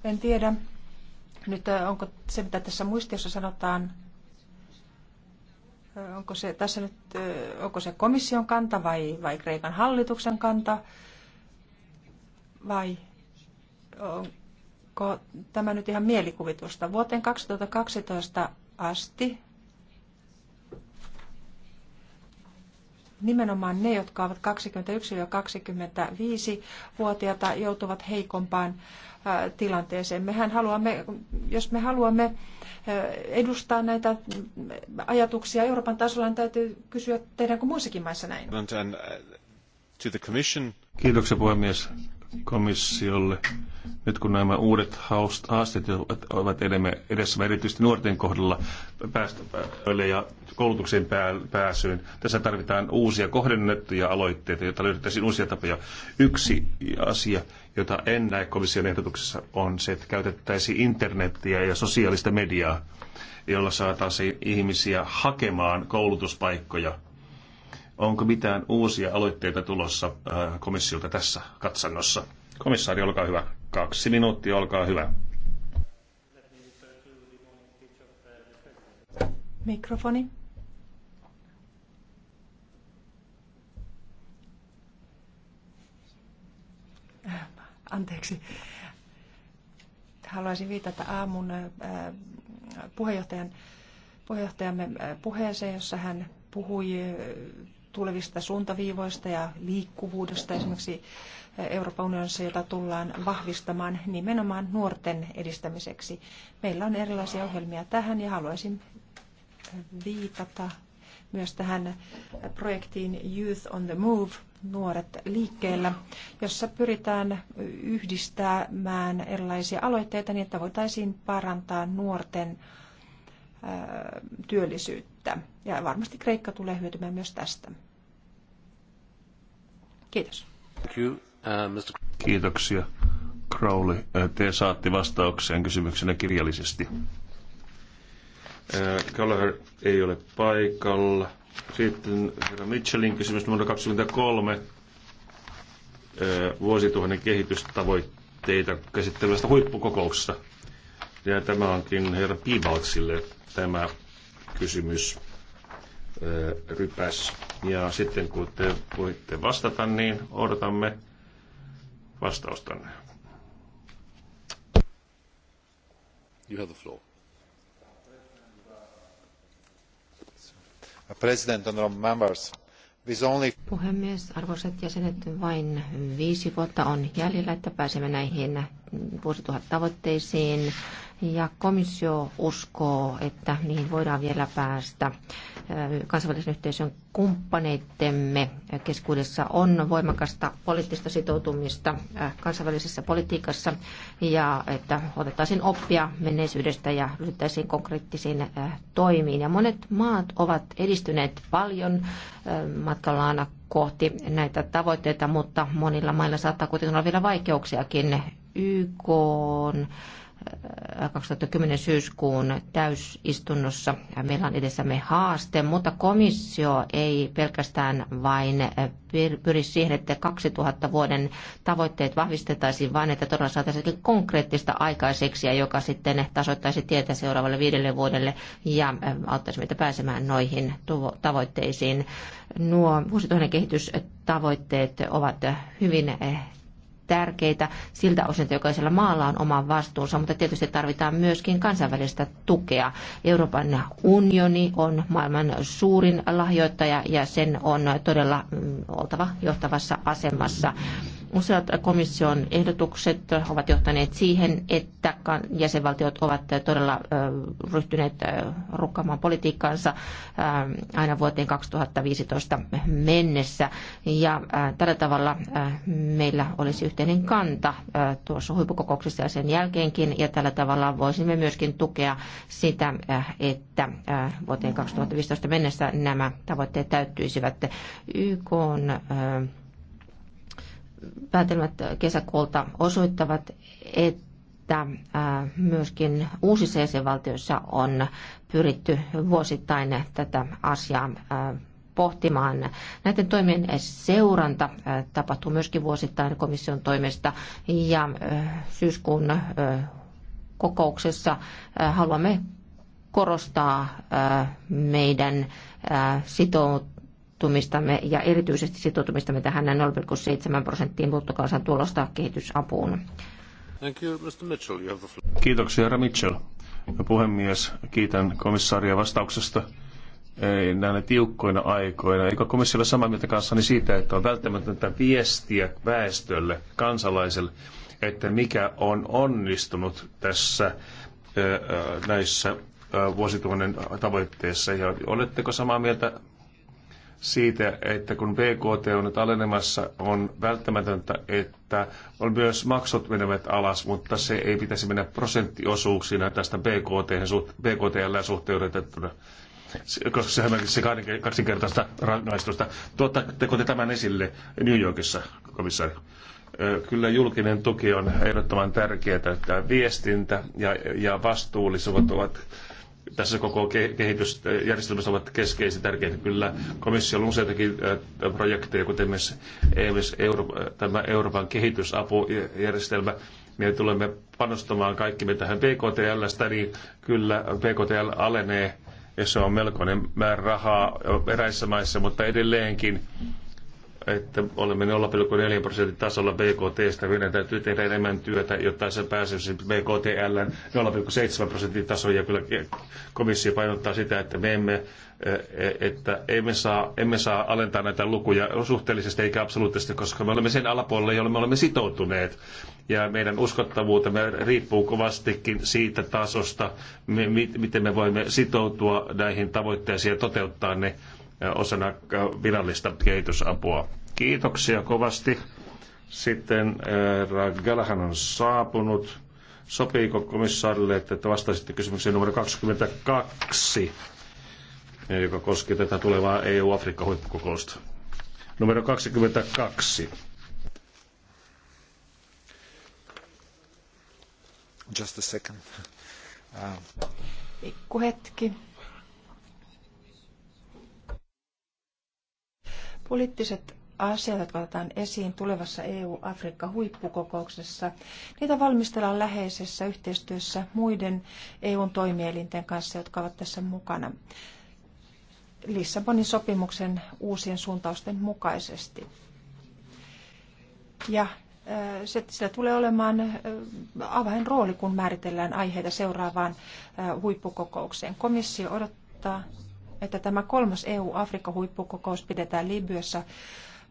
en tiedä nyt äh, onko se mitä tässä muistiossa sanotaan Onko se tässä nyt, onko se komission kanta vai, vai Kreikan hallituksen kanta? Vai onko tämä nyt ihan mielikuvitusta? Vuoteen 2012 asti nimenomaan ne, jotka ovat 21-25-vuotiaita, joutuvat heikompaan tilanteeseen. Mehän haluamme, jos me haluamme edustaa näitä ajatuksia Euroopan tasolla, niin täytyy kysyä, tehdäänkö muissakin maissa näin? Uh, Kiitoksia puhemies komissiolle. Nyt kun nämä uudet haasteet ovat edessä erityisesti nuorten kohdalla päästä ja koulutukseen pääsyyn, tässä tarvitaan uusia kohdennettuja aloitteita, joita löydettäisiin uusia tapoja. Yksi asia, jota en näe komission ehdotuksessa, on se, että käytettäisiin internettiä ja sosiaalista mediaa, jolla saataisiin ihmisiä hakemaan koulutuspaikkoja. Onko mitään uusia aloitteita tulossa äh, komissiolta tässä katsannossa? Komissaari, olkaa hyvä. Kaksi minuuttia, olkaa hyvä. Mikrofoni. anteeksi. Haluaisin viitata aamun äh, puheenjohtajan, puheenjohtajamme äh, puheeseen, jossa hän puhui äh, tulevista suuntaviivoista ja liikkuvuudesta esimerkiksi Euroopan unionissa, jota tullaan vahvistamaan nimenomaan nuorten edistämiseksi. Meillä on erilaisia ohjelmia tähän ja haluaisin viitata myös tähän projektiin Youth on the Move, nuoret liikkeellä, jossa pyritään yhdistämään erilaisia aloitteita niin, että voitaisiin parantaa nuorten työllisyyttä. Ja varmasti Kreikka tulee hyötymään myös tästä. Kiitos. Uh, Kiitoksia. Crowley, eh, te saatte vastaukseen kysymyksenä kirjallisesti. Gallagher ei ole paikalla. Sitten herra Mitchellin kysymys numero 23. Vuosituhannen kehitystavoitteita käsittelevästä huippukokouksesta. Ja tämä onkin herra Piivalksille tämä kysymys rypäs. Ja sitten kun te voitte vastata, niin odotamme vastaustanne. You have the floor. Puhemies, arvoisat jäsenet, vain viisi vuotta on jäljellä, että pääsemme näihin vuosituhat tavoitteisiin ja komissio uskoo, että niihin voidaan vielä päästä. Kansainvälisen yhteisön kumppaneittemme keskuudessa on voimakasta poliittista sitoutumista kansainvälisessä politiikassa ja että otettaisiin oppia menneisyydestä ja ryhdyttäisiin konkreettisiin toimiin. Ja monet maat ovat edistyneet paljon matkallaan kohti näitä tavoitteita, mutta monilla mailla saattaa kuitenkin olla vielä vaikeuksiakin YK 2010 äh, syyskuun täysistunnossa. Meillä on edessämme haaste, mutta komissio ei pelkästään vain äh, pyri siihen, että 2000 vuoden tavoitteet vahvistettaisiin, vaan että todella saataisiin konkreettista aikaiseksi, ja joka sitten tasoittaisi tietä seuraavalle viidelle vuodelle ja äh, auttaisi meitä pääsemään noihin tavoitteisiin. Nuo vuosituhannen kehitystavoitteet ovat hyvin tärkeitä siltä osin, että jokaisella maalla on oma vastuunsa, mutta tietysti tarvitaan myöskin kansainvälistä tukea. Euroopan unioni on maailman suurin lahjoittaja ja sen on todella mm, oltava johtavassa asemassa. Useat komission ehdotukset ovat johtaneet siihen, että jäsenvaltiot ovat todella ryhtyneet rukkaamaan politiikkaansa aina vuoteen 2015 mennessä. Ja tällä tavalla meillä olisi yhteinen kanta tuossa huippukokouksessa ja sen jälkeenkin. Ja tällä tavalla voisimme myöskin tukea sitä, että vuoteen 2015 mennessä nämä tavoitteet täyttyisivät. YK on päätelmät kesäkuulta osoittavat, että myöskin uusissa jäsenvaltioissa on pyritty vuosittain tätä asiaa pohtimaan. Näiden toimien seuranta tapahtuu myöskin vuosittain komission toimesta ja syyskuun kokouksessa haluamme korostaa meidän sitoutumista sitoutumistamme ja erityisesti sitoutumistamme tähän 0,7 prosenttiin bruttokansantulosta kehitysapuun. Thank you, Mr. Mitchell. You have the floor. Kiitoksia, herra Mitchell. Puhemies, kiitän komissaaria vastauksesta ei, näinä tiukkoina aikoina. Eikö komissiolla samaa mieltä kanssani siitä, että on välttämätöntä viestiä väestölle, kansalaiselle, että mikä on onnistunut tässä näissä vuosituhannen tavoitteissa. Ja oletteko samaa mieltä siitä, että kun BKT on nyt alenemassa, on välttämätöntä, että on myös maksut menevät alas, mutta se ei pitäisi mennä prosenttiosuuksina tästä BKT, BKTL suhteutettuna koska sehän on se kaksinkertaista rangaistusta. Tuottaako te tämän esille New Yorkissa, komissaari? Kyllä julkinen tuki on ehdottoman tärkeää, että viestintä ja, ja vastuullisuudet ovat tässä koko kehitysjärjestelmässä ovat keskeisiä tärkeitä. Kyllä komissio on useitakin projekteja, kuten myös e tämä Euroopan kehitysapujärjestelmä. Me tulemme panostamaan kaikki me tähän PKTL, niin kyllä PKTL alenee ja se on melkoinen määrä rahaa eräissä maissa, mutta edelleenkin että olemme 0,4 prosentin tasolla BKTstä. Meidän täytyy tehdä enemmän työtä, jotta se pääsisi BKTL 0,7 prosentin tasoon. Ja kyllä komissio painottaa sitä, että me emme, eh, että emme saa, emme saa alentaa näitä lukuja suhteellisesti eikä absoluuttisesti, koska me olemme sen alapuolella, jolle me olemme sitoutuneet. Ja meidän uskottavuutemme riippuu kovastikin siitä tasosta, miten me voimme sitoutua näihin tavoitteisiin ja toteuttaa ne osana virallista kehitysapua. Kiitoksia kovasti. Sitten herra on saapunut. Sopiiko komissaarille, että te vastasitte kysymykseen numero 22, joka koski tätä tulevaa EU-Afrikka-huippukokousta? Numero 22. Just a second. Uh. Poliittiset asiat, jotka otetaan esiin tulevassa EU-Afrikka-huippukokouksessa, niitä valmistellaan läheisessä yhteistyössä muiden eu toimielinten kanssa, jotka ovat tässä mukana. Lissabonin sopimuksen uusien suuntausten mukaisesti. Ja äh, se, sillä tulee olemaan äh, avainrooli, kun määritellään aiheita seuraavaan äh, huippukokoukseen. Komissio odottaa että tämä kolmas EU-Afrikka-huippukokous pidetään Libyassa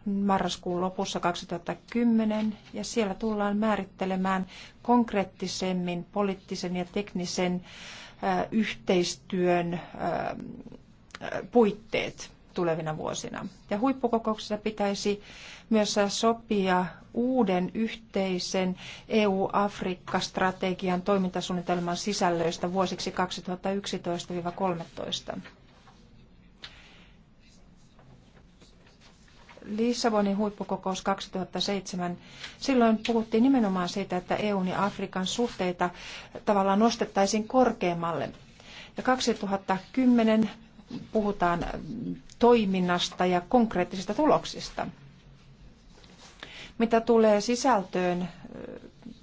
marraskuun lopussa 2010 ja siellä tullaan määrittelemään konkreettisemmin poliittisen ja teknisen äh, yhteistyön äh, puitteet tulevina vuosina. Ja huippukokouksessa pitäisi myös sopia uuden yhteisen EU-Afrikka-strategian toimintasuunnitelman sisällöistä vuosiksi 2011-2013. Lissabonin huippukokous 2007, silloin puhuttiin nimenomaan siitä, että EUn ja Afrikan suhteita tavallaan nostettaisiin korkeammalle. Ja 2010 puhutaan toiminnasta ja konkreettisista tuloksista. Mitä tulee sisältöön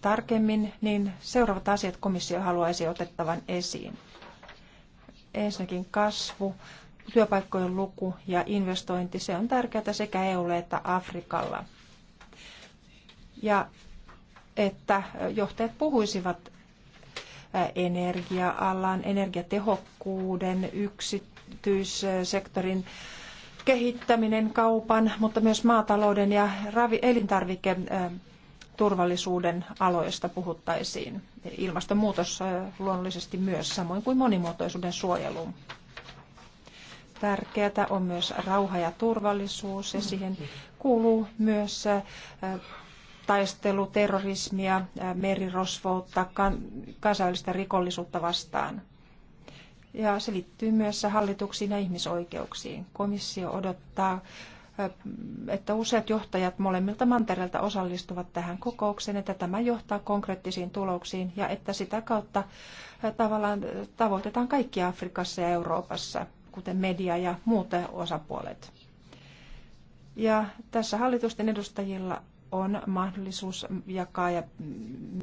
tarkemmin, niin seuraavat asiat komissio haluaisi otettavan esiin. Ensinnäkin kasvu, työpaikkojen luku ja investointi, se on tärkeää sekä EUlle että Afrikalla. Ja että johtajat puhuisivat energia-alan, energiatehokkuuden, yksityissektorin kehittäminen, kaupan, mutta myös maatalouden ja elintarviketurvallisuuden aloista puhuttaisiin. Ilmastonmuutos luonnollisesti myös, samoin kuin monimuotoisuuden suojelu tärkeää on myös rauha ja turvallisuus ja siihen kuuluu myös äh, taistelu terrorismia, äh, merirosvoutta, kansainvälistä rikollisuutta vastaan. Ja se liittyy myös hallituksiin ja ihmisoikeuksiin. Komissio odottaa, äh, että useat johtajat molemmilta mantereilta osallistuvat tähän kokoukseen, että tämä johtaa konkreettisiin tuloksiin ja että sitä kautta tavallaan tavoitetaan kaikki Afrikassa ja Euroopassa kuten media ja muut osapuolet. Ja tässä hallitusten edustajilla on mahdollisuus jakaa ja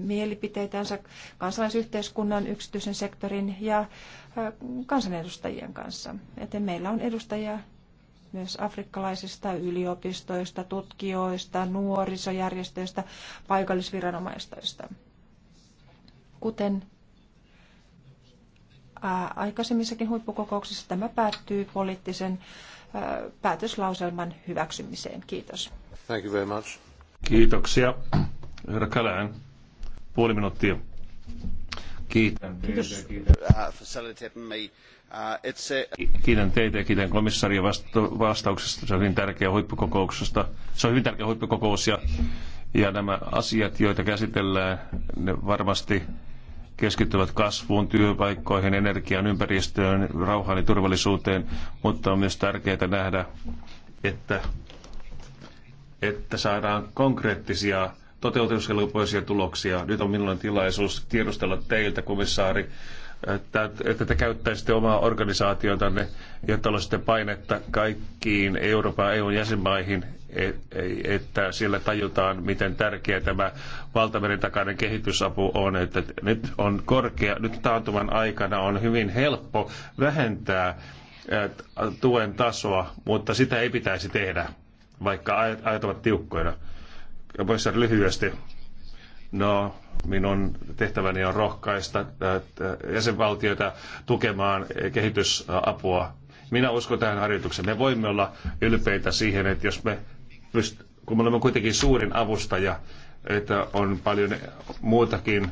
mielipiteitänsä kansalaisyhteiskunnan, yksityisen sektorin ja äh, kansanedustajien kanssa. Että meillä on edustajia myös afrikkalaisista yliopistoista, tutkijoista, nuorisojärjestöistä, paikallisviranomaistoista. Kuten aikaisemmissakin huippukokouksissa. Tämä päättyy poliittisen päätöslauselman hyväksymiseen. Kiitos. Thank you very much. Kiitoksia. Herra Kälään, puoli minuuttia. Kiitän Kiitos. Uh, uh, kiitän teitä ja kiitän komissaria vastauksesta. Se on hyvin tärkeä huippukokouksesta. Se on hyvin tärkeä huippukokous ja, ja nämä asiat, joita käsitellään, ne varmasti keskittyvät kasvuun, työpaikkoihin, energiaan, ympäristöön, rauhaan ja turvallisuuteen, mutta on myös tärkeää nähdä, että, että saadaan konkreettisia toteutuskelpoisia tuloksia. Nyt on minulla tilaisuus tiedustella teiltä, komissaari, että, että te käyttäisitte omaa organisaatiotanne, jotta olisitte painetta kaikkiin Euroopan EUn jäsenmaihin että siellä tajutaan, miten tärkeä tämä valtameren takainen kehitysapu on. Että nyt on korkea, nyt taantuman aikana on hyvin helppo vähentää tuen tasoa, mutta sitä ei pitäisi tehdä, vaikka ajat ovat tiukkoina. Voisi sanoa lyhyesti. No, minun tehtäväni on rohkaista jäsenvaltioita tukemaan kehitysapua minä uskon tähän harjoitukseen. Me voimme olla ylpeitä siihen, että jos me kun me olemme kuitenkin suurin avustaja, että on paljon muutakin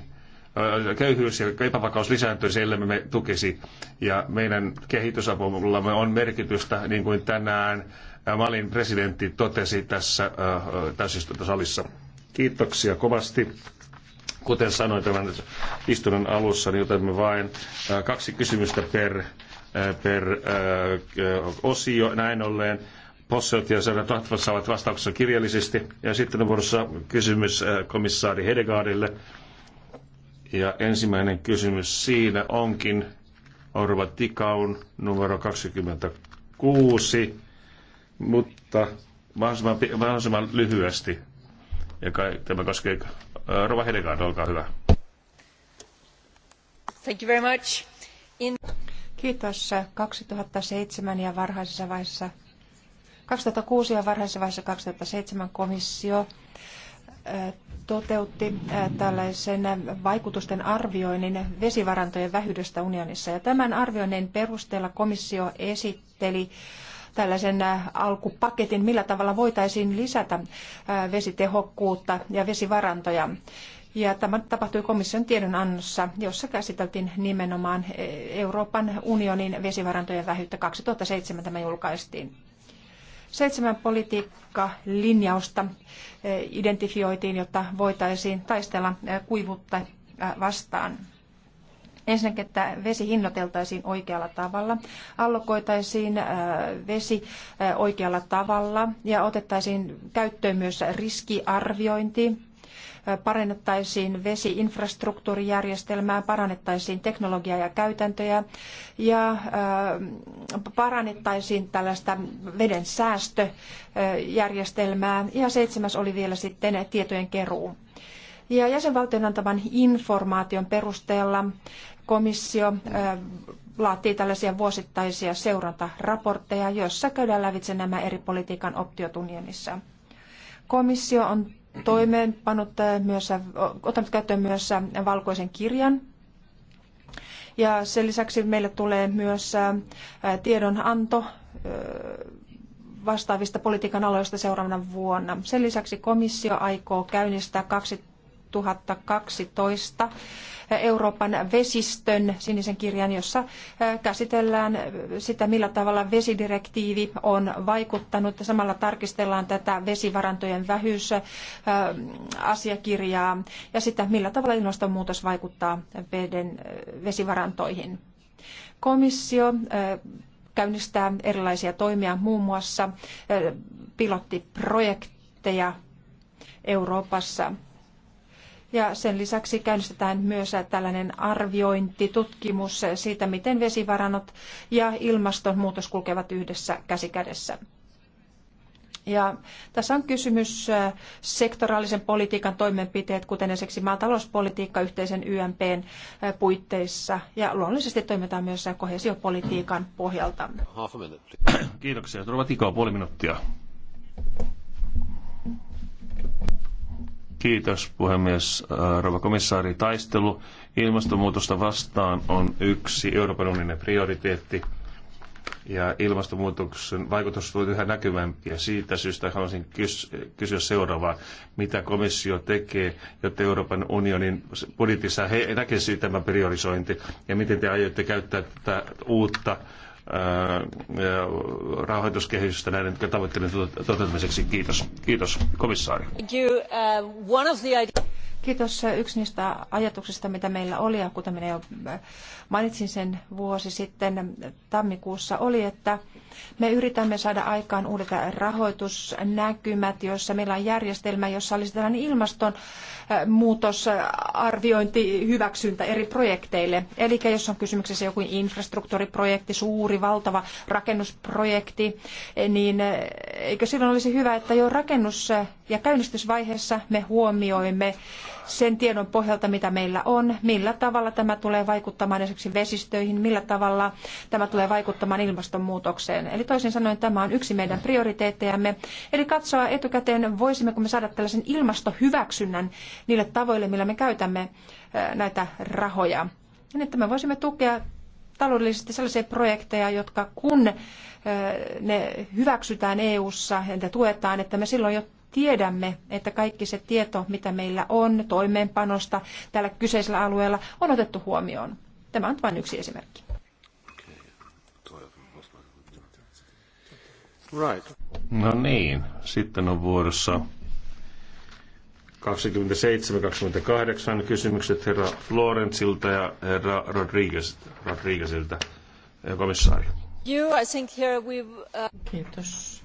köyhyys ja epävakaus lisääntyisi, ellei me tukisi. Ja meidän kehitysapullamme on merkitystä, niin kuin tänään Malin presidentti totesi tässä täysistuntosalissa. Kiitoksia kovasti. Kuten sanoin tämän istunnon alussa, niin otamme vain kaksi kysymystä per, per osio näin ollen. Posselt ja Sarah Tahtva saavat vastauksessa kirjallisesti. Ja sitten on vuorossa kysymys äh, komissaari Hedegaardille. Ja ensimmäinen kysymys siinä onkin Orva Tikaun numero 26, mutta mahdollisimman, mahdollisimman lyhyesti. Ja kai, tämä koskee äh, Rova Hedegaard, olkaa hyvä. Thank you very much. In... Kiitos. 2007 ja varhaisessa vaiheessa 2006 ja varhaisessa vaiheessa 2007 komissio toteutti tällaisen vaikutusten arvioinnin vesivarantojen vähyydestä unionissa. Ja tämän arvioinnin perusteella komissio esitteli tällaisen alkupaketin, millä tavalla voitaisiin lisätä vesitehokkuutta ja vesivarantoja. Ja tämä tapahtui komission tiedonannossa, jossa käsiteltiin nimenomaan Euroopan unionin vesivarantojen vähyyttä. 2007 tämä julkaistiin. Seitsemän politiikkalinjausta eh, identifioitiin, jotta voitaisiin taistella eh, kuivuutta eh, vastaan. Ensinnäkin, että vesi hinnoiteltaisiin oikealla tavalla, allokoitaisiin vesi oikealla tavalla ja otettaisiin käyttöön myös riskiarviointi parannettaisiin vesiinfrastruktuurijärjestelmää, parannettaisiin teknologiaa ja käytäntöjä ja äh, parannettaisiin tällaista veden säästöjärjestelmää ja seitsemäs oli vielä sitten tietojen keruu. Ja jäsenvaltion antavan informaation perusteella komissio äh, laatii tällaisia vuosittaisia seurantaraportteja, joissa käydään lävitse nämä eri politiikan optiot unionissa. Komissio on toimeenpanut myös, ottanut käyttöön myös valkoisen kirjan. Ja sen lisäksi meille tulee myös tiedonanto vastaavista politiikan aloista seuraavana vuonna. Sen lisäksi komissio aikoo käynnistää 2012 Euroopan vesistön sinisen kirjan, jossa äh, käsitellään sitä, millä tavalla vesidirektiivi on vaikuttanut. Samalla tarkistellaan tätä vesivarantojen vähyysasiakirjaa äh, ja sitä, millä tavalla ilmastonmuutos vaikuttaa veden, äh, vesivarantoihin. Komissio käynnistää erilaisia toimia, muun muassa pilottiprojekteja Euroopassa ja sen lisäksi käynnistetään myös tällainen arviointi, tutkimus siitä, miten vesivarannot ja ilmastonmuutos kulkevat yhdessä käsi kädessä. Ja tässä on kysymys äh, sektoraalisen politiikan toimenpiteet, kuten esimerkiksi maatalouspolitiikka yhteisen YMPn äh, puitteissa. Ja luonnollisesti toimitaan myös kohesiopolitiikan pohjalta. Kiitoksia. Turva Tiko, puoli minuuttia. Kiitos puhemies. Äh, Rova komissaari, taistelu ilmastonmuutosta vastaan on yksi Euroopan unionin prioriteetti ja ilmastonmuutoksen vaikutus voi yhä näkyvämpi. Ja siitä syystä haluaisin kysyä seuraavaa. Mitä komissio tekee, jotta Euroopan unionin budjetissa he näkisi tämä priorisointi? Ja miten te aiotte käyttää tätä uutta rahoituskehitystä näiden tavoitteiden toteutumiseksi. Kiitos. Kiitos, komissaari. Uh, Kiitos yksi niistä ajatuksista, mitä meillä oli, ja kuten minä jo äh, mainitsin sen vuosi sitten tammikuussa, oli, että me yritämme saada aikaan uudet rahoitusnäkymät, joissa meillä on järjestelmä, jossa olisi tällainen ilmastonmuutosarviointi äh, hyväksyntä eri projekteille. Eli jos on kysymyksessä joku infrastruktuuriprojekti, suuri, valtava rakennusprojekti, eh, niin eh, eikö silloin olisi hyvä, että jo rakennus- ja käynnistysvaiheessa me huomioimme sen tiedon pohjalta, mitä meillä on, millä tavalla tämä tulee vaikuttamaan esimerkiksi vesistöihin, millä tavalla tämä tulee vaikuttamaan ilmastonmuutokseen. Eli toisin sanoen tämä on yksi meidän prioriteettejamme. Eli katsoa etukäteen, voisimmeko me saada tällaisen ilmastohyväksynnän niille tavoille, millä me käytämme näitä rahoja. Niin, että me voisimme tukea taloudellisesti sellaisia projekteja, jotka kun ne hyväksytään EU-ssa ja niitä tuetaan, että me silloin jo tiedämme, että kaikki se tieto, mitä meillä on toimeenpanosta tällä kyseisellä alueella, on otettu huomioon. Tämä on vain yksi esimerkki. Right. No niin, sitten on vuorossa 27-28 kysymykset herra Florensilta ja herra Rodriguez, Rodriguezilta, eh, komissaari. You, I think here we've, uh... Kiitos.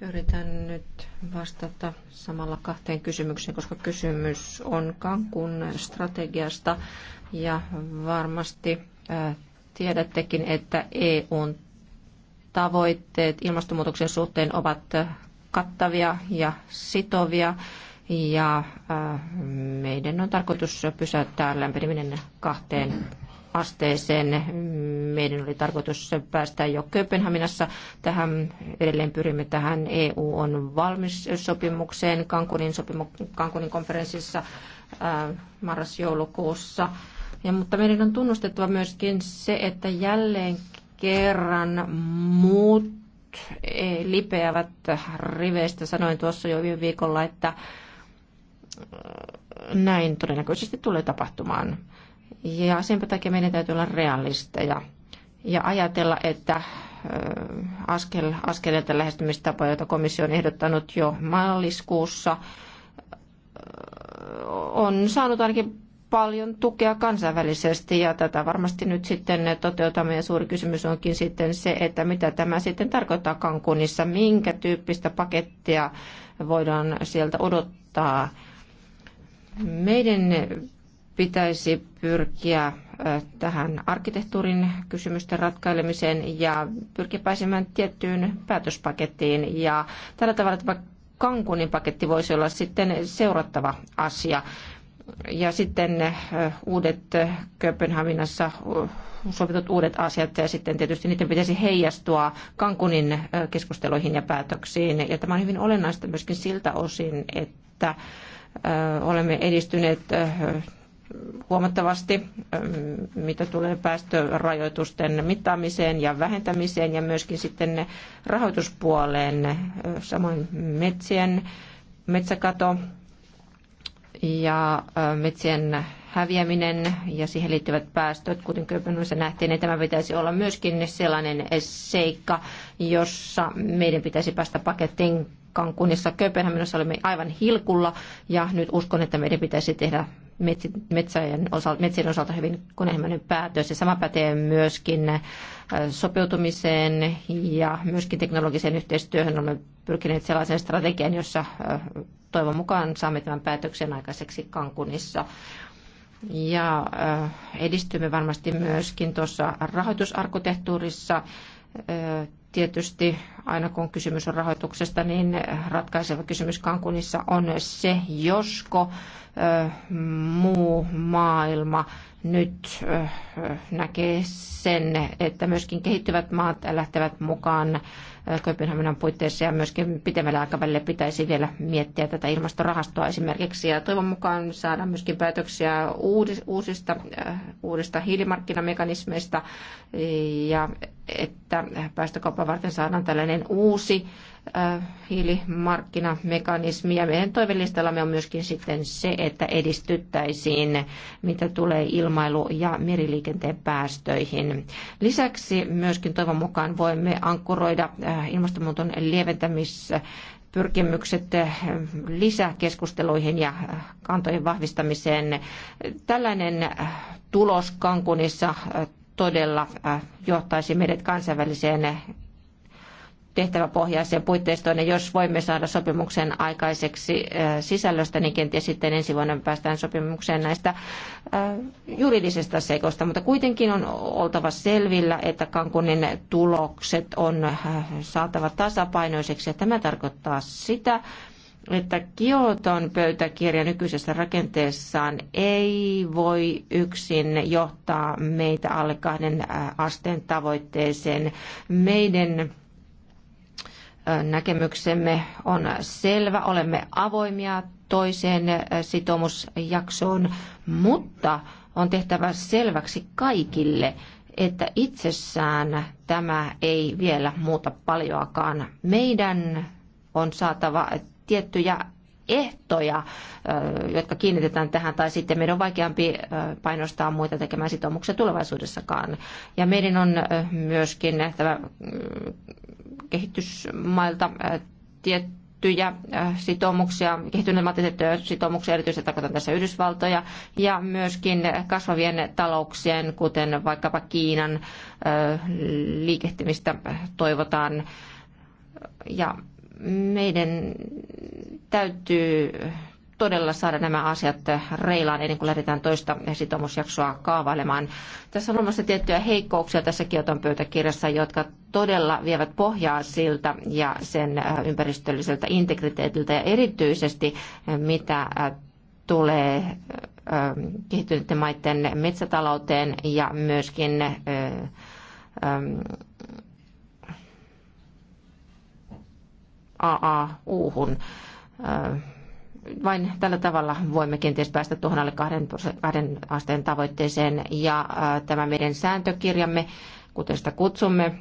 Yritän nyt vastata samalla kahteen kysymykseen, koska kysymys on Kankun strategiasta ja varmasti tiedättekin, että EUn tavoitteet ilmastonmuutoksen suhteen ovat kattavia ja sitovia ja meidän on tarkoitus pysäyttää lämpeneminen kahteen asteeseen. Meidän oli tarkoitus päästä jo Kööpenhaminassa. Tähän edelleen pyrimme tähän. EU on valmis sopimukseen Kankunin, sopimu- Kankunin konferenssissa äh, marras-joulukuussa. Ja, mutta meidän on tunnustettava myöskin se, että jälleen kerran muut eh, lipeävät riveistä. Sanoin tuossa jo viime viikolla, että äh, näin todennäköisesti tulee tapahtumaan. Ja senpä takia meidän täytyy olla realisteja ja ajatella, että askel, askeleilta lähestymistapa, jota komissio on ehdottanut jo maaliskuussa, on saanut ainakin paljon tukea kansainvälisesti ja tätä varmasti nyt sitten toteutamme ja suuri kysymys onkin sitten se, että mitä tämä sitten tarkoittaa Cancunissa, minkä tyyppistä pakettia voidaan sieltä odottaa. Meidän pitäisi pyrkiä tähän arkkitehtuurin kysymysten ratkailemiseen ja pyrkiä pääsemään tiettyyn päätöspakettiin. Ja tällä tavalla tämä Kankunin paketti voisi olla sitten seurattava asia. Ja sitten uudet Kööpenhaminassa sovitut uudet asiat ja sitten tietysti niiden pitäisi heijastua Kankunin keskusteluihin ja päätöksiin. Ja tämä on hyvin olennaista myöskin siltä osin, että olemme edistyneet huomattavasti, ähm, mitä tulee päästörajoitusten mittaamiseen ja vähentämiseen ja myöskin sitten rahoituspuoleen, äh, samoin metsien metsäkato ja äh, metsien häviäminen ja siihen liittyvät päästöt, kuten Kööpenhaminassa nähtiin, niin tämä pitäisi olla myöskin sellainen seikka, jossa meidän pitäisi päästä pakettiin Kankunissa. Kööpenhaminassa olimme aivan hilkulla ja nyt uskon, että meidän pitäisi tehdä metsien osalta, metsien osalta hyvin kunnianhimoinen päätös. Ja sama pätee myöskin äh, sopeutumiseen ja myöskin teknologiseen yhteistyöhön. Olemme pyrkineet sellaiseen strategian, jossa äh, toivon mukaan saamme tämän päätöksen aikaiseksi Kankunissa. Ja äh, edistymme varmasti myöskin tuossa rahoitusarkkitehtuurissa Tietysti aina kun kysymys on rahoituksesta, niin ratkaiseva kysymys Kankunissa on se, josko muu maailma nyt näkee sen, että myöskin kehittyvät maat lähtevät mukaan Kööpenhaminan puitteissa ja myöskin pitemmällä aikavälillä pitäisi vielä miettiä tätä ilmastorahastoa esimerkiksi. Ja toivon mukaan saadaan myöskin päätöksiä uudista, uudista hiilimarkkinamekanismeista ja että päästökauppaa varten saadaan tällainen uusi hiilimarkkinamekanismi. Ja meidän toivelistallamme on myöskin sitten se, että edistyttäisiin, mitä tulee ilmailu- ja meriliikenteen päästöihin. Lisäksi myöskin toivon mukaan voimme ankkuroida ilmastonmuuton lieventämissä pyrkimykset lisäkeskusteluihin ja kantojen vahvistamiseen. Tällainen tulos Kankunissa todella äh, johtaisi meidät kansainväliseen tehtäväpohjaiseen puitteistoon, ja jos voimme saada sopimuksen aikaiseksi äh, sisällöstä, niin kenties sitten ensi vuonna päästään sopimukseen näistä äh, juridisista seikoista. Mutta kuitenkin on oltava selvillä, että Kankunin tulokset on saatava tasapainoiseksi, ja tämä tarkoittaa sitä, että Kioton pöytäkirja nykyisessä rakenteessaan ei voi yksin johtaa meitä alle kahden asteen tavoitteeseen. Meidän näkemyksemme on selvä, olemme avoimia toiseen sitoumusjaksoon, mutta on tehtävä selväksi kaikille, että itsessään tämä ei vielä muuta paljoakaan. Meidän on saatava tiettyjä ehtoja, jotka kiinnitetään tähän, tai sitten meidän on vaikeampi painostaa muita tekemään sitoumuksia tulevaisuudessakaan. Ja meidän on myöskin nähtävä mm, kehitysmailta tiettyjä sitoumuksia, kehittyneet maat tiettyjä sitoumuksia, erityisesti tarkoitan tässä Yhdysvaltoja, ja myöskin kasvavien talouksien, kuten vaikkapa Kiinan liikehtimistä toivotaan. Ja meidän täytyy todella saada nämä asiat reilaan ennen kuin lähdetään toista sitoumusjaksoa kaavailemaan. Tässä on olemassa tiettyjä heikkouksia tässä Kioton pöytäkirjassa, jotka todella vievät pohjaa siltä ja sen äh, ympäristölliseltä integriteetiltä ja erityisesti äh, mitä äh, tulee ähm, kehittyneiden maiden metsätalouteen ja myöskin ähm, AAU-hun. Vain tällä tavalla voimme kenties päästä tuohon alle kahden asteen tavoitteeseen ja tämä meidän sääntökirjamme kuten sitä kutsumme,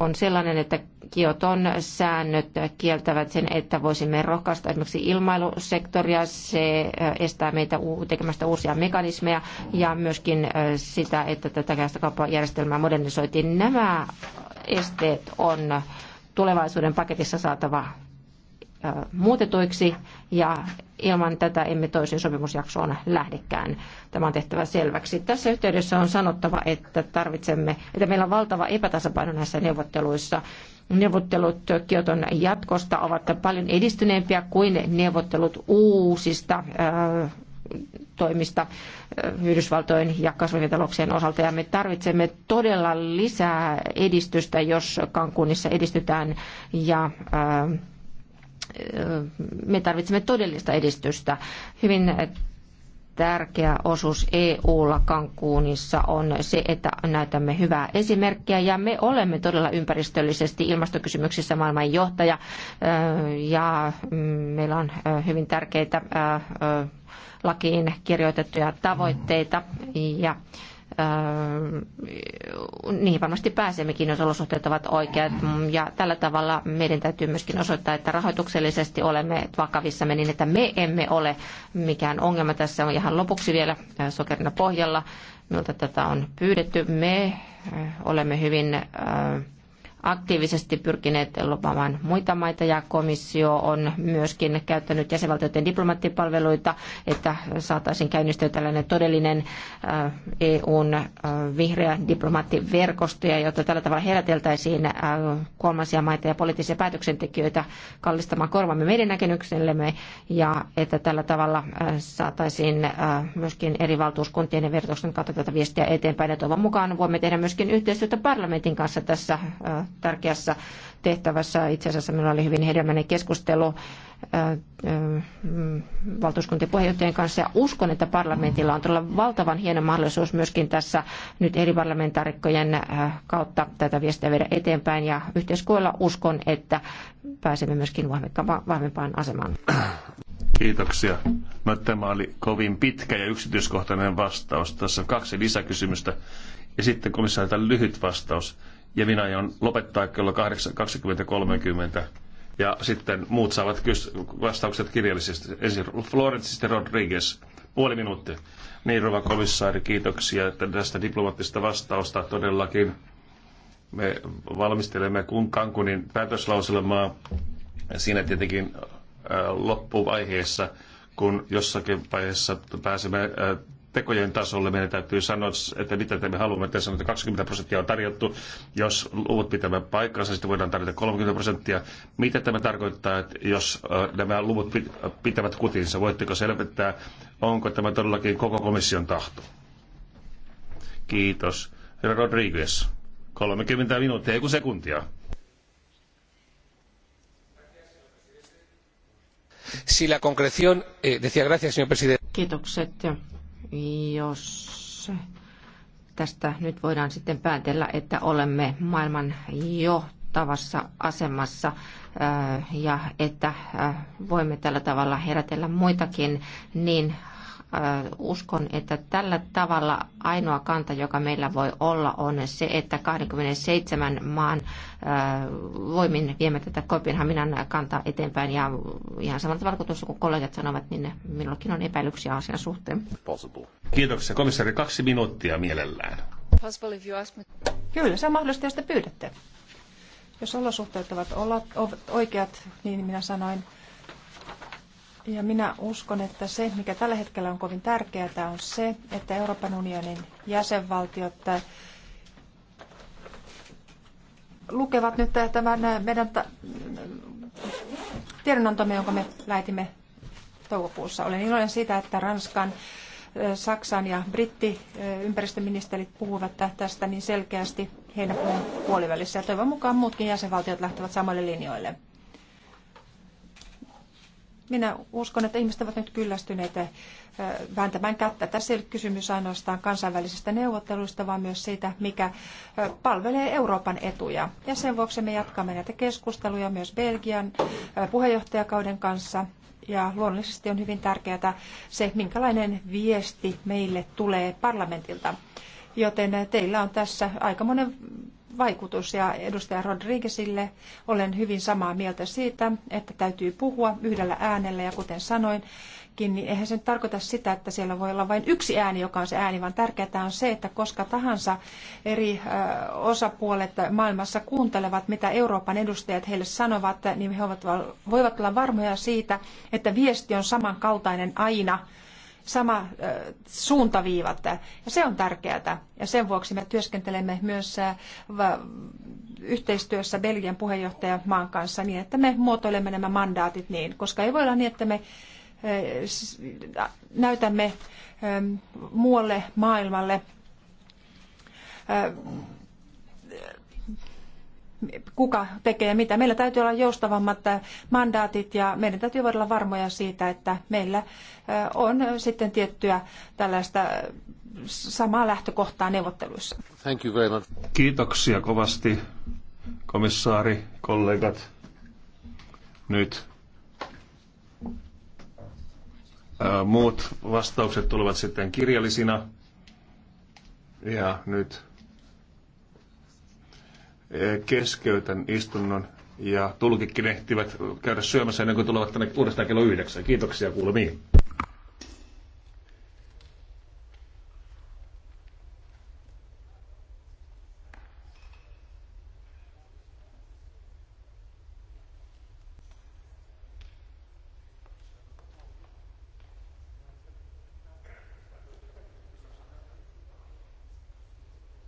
on sellainen, että Kioton säännöt kieltävät sen, että voisimme rohkaista esimerkiksi ilmailusektoria. Se estää meitä tekemästä uusia mekanismeja ja myöskin sitä, että tätä kauppajärjestelmää modernisoitiin. Nämä esteet on tulevaisuuden paketissa saatava muutetuiksi ja ilman tätä emme toisen sopimusjaksoon lähdekään. Tämä on tehtävä selväksi. Tässä yhteydessä on sanottava, että tarvitsemme, että meillä on valtava epätasapaino näissä neuvotteluissa. Neuvottelut Kioton jatkosta ovat paljon edistyneempiä kuin neuvottelut uusista toimista Yhdysvaltojen ja kasvavien osalta. Ja me tarvitsemme todella lisää edistystä, jos kankunissa edistytään ja me tarvitsemme todellista edistystä. Hyvin tärkeä osuus EUlla Cancunissa on se, että näytämme hyvää esimerkkiä ja me olemme todella ympäristöllisesti ilmastokysymyksissä maailman johtaja ja mm, meillä on hyvin tärkeitä lakiin kirjoitettuja tavoitteita ja Öö, niihin varmasti pääsemmekin, jos olosuhteet ovat oikeat. Ja tällä tavalla meidän täytyy myöskin osoittaa, että rahoituksellisesti olemme vakavissa niin, että me emme ole mikään ongelma. Tässä on ihan lopuksi vielä öö, sokerina pohjalla, miltä tätä on pyydetty. Me öö, olemme hyvin aktiivisesti pyrkineet lopaamaan muita maita ja komissio on myöskin käyttänyt jäsenvaltioiden diplomaattipalveluita, että saataisiin käynnistyä tällainen todellinen äh, EUn äh, vihreä diplomaattiverkosto, jotta tällä tavalla heräteltäisiin äh, kolmansia maita ja poliittisia päätöksentekijöitä kallistamaan korvamme meidän näkemyksellemme ja että tällä tavalla saataisiin myöskin eri valtuuskuntien ja verkostojen kautta tätä viestiä eteenpäin. Ja toivon mukaan voimme tehdä myöskin yhteistyötä parlamentin kanssa tässä tärkeässä tehtävässä. Itse asiassa minulla oli hyvin hedelmäinen keskustelu äh, äh, valtuuskuntien puheenjohtajien kanssa ja uskon, että parlamentilla on todella valtavan hieno mahdollisuus myöskin tässä nyt eri parlamentaarikkojen äh, kautta tätä viestiä viedä eteenpäin ja yhteiskoilla uskon, että pääsemme myöskin vahvempaan asemaan. Kiitoksia. No, tämä oli kovin pitkä ja yksityiskohtainen vastaus. Tässä on kaksi lisäkysymystä ja sitten komissaarilta lyhyt vastaus ja minä aion lopettaa kello 20.30 ja sitten muut saavat vastaukset kirjallisesti. Ensin Florence Rodriguez, puoli minuuttia. Niin, rouva komissaari, kiitoksia että tästä diplomaattista vastausta todellakin. Me valmistelemme Kankunin päätöslauselmaa siinä tietenkin äh, loppuvaiheessa, kun jossakin vaiheessa pääsemme äh, tekojen tasolle meidän täytyy sanoa, että mitä me haluamme. Tässä sanotaan, että 20 prosenttia on tarjottu. Jos luvut pitävät paikkansa, sitten voidaan tarjota 30 prosenttia. Mitä tämä tarkoittaa, että jos äh, nämä luvut pitävät kutinsa? Voitteko selvittää, onko tämä todellakin koko komission tahto? Kiitos. Herra Rodriguez, 30 minuuttia, ei kun sekuntia. Si la concreción, eh, decía gracias, señor presidente jos tästä nyt voidaan sitten päätellä, että olemme maailman johtavassa asemassa äh, ja että äh, voimme tällä tavalla herätellä muitakin, niin uskon, että tällä tavalla ainoa kanta, joka meillä voi olla, on se, että 27 maan voimin viemme tätä Kopenhaminan kantaa eteenpäin. Ja ihan samalla tavalla kuin tuossa, kun kollegat sanovat, niin minullakin on epäilyksiä asian suhteen. Possible. Kiitoksia. Komissaari, kaksi minuuttia mielellään. Possible if you ask me. Kyllä, se on mahdollista, jos te pyydätte. Jos olosuhteet ovat oikeat, niin minä sanoin, ja minä uskon, että se, mikä tällä hetkellä on kovin tärkeää, on se, että Euroopan unionin jäsenvaltiot äh, lukevat nyt äh, tämän äh, meidän tiedonantomme, jonka me lähetimme toukokuussa. Olen iloinen siitä, että Ranskan, Saksan ja britti ympäristöministerit puhuvat tästä niin selkeästi heinäkuun puolivälissä. Ja toivon mukaan muutkin jäsenvaltiot lähtevät samoille linjoille. Minä uskon, että ihmiset ovat nyt kyllästyneitä eh, vääntämään kättä. Tässä ei ole kysymys ainoastaan kansainvälisistä neuvotteluista, vaan myös siitä, mikä eh, palvelee Euroopan etuja. Ja sen vuoksi me jatkamme näitä keskusteluja myös Belgian eh, puheenjohtajakauden kanssa. Ja luonnollisesti on hyvin tärkeää se, minkälainen viesti meille tulee parlamentilta. Joten teillä on tässä aika monen vaikutus. Ja edustaja Rodriguezille olen hyvin samaa mieltä siitä, että täytyy puhua yhdellä äänellä. Ja kuten sanoin, niin eihän se nyt tarkoita sitä, että siellä voi olla vain yksi ääni, joka on se ääni, vaan tärkeää on se, että koska tahansa eri osapuolet maailmassa kuuntelevat, mitä Euroopan edustajat heille sanovat, niin he voivat olla varmoja siitä, että viesti on samankaltainen aina – sama suuntaviivat. Ja se on tärkeää. Ja sen vuoksi me työskentelemme myös yhteistyössä Belgian puheenjohtajamaan kanssa niin, että me muotoilemme nämä mandaatit niin, koska ei voi olla niin, että me näytämme muualle maailmalle kuka tekee mitä. Meillä täytyy olla joustavammat äh, mandaatit ja meidän täytyy voida olla varmoja siitä, että meillä äh, on sitten tiettyä tällaista äh, samaa lähtökohtaa neuvotteluissa. Thank you very much. Kiitoksia kovasti, komissaari, kollegat. Nyt muut vastaukset tulevat sitten kirjallisina. Ja nyt keskeytän istunnon ja tulkitkin ehtivät käydä syömässä ennen kuin tulevat tänne uudestaan kello yhdeksän. Kiitoksia kuulemiin.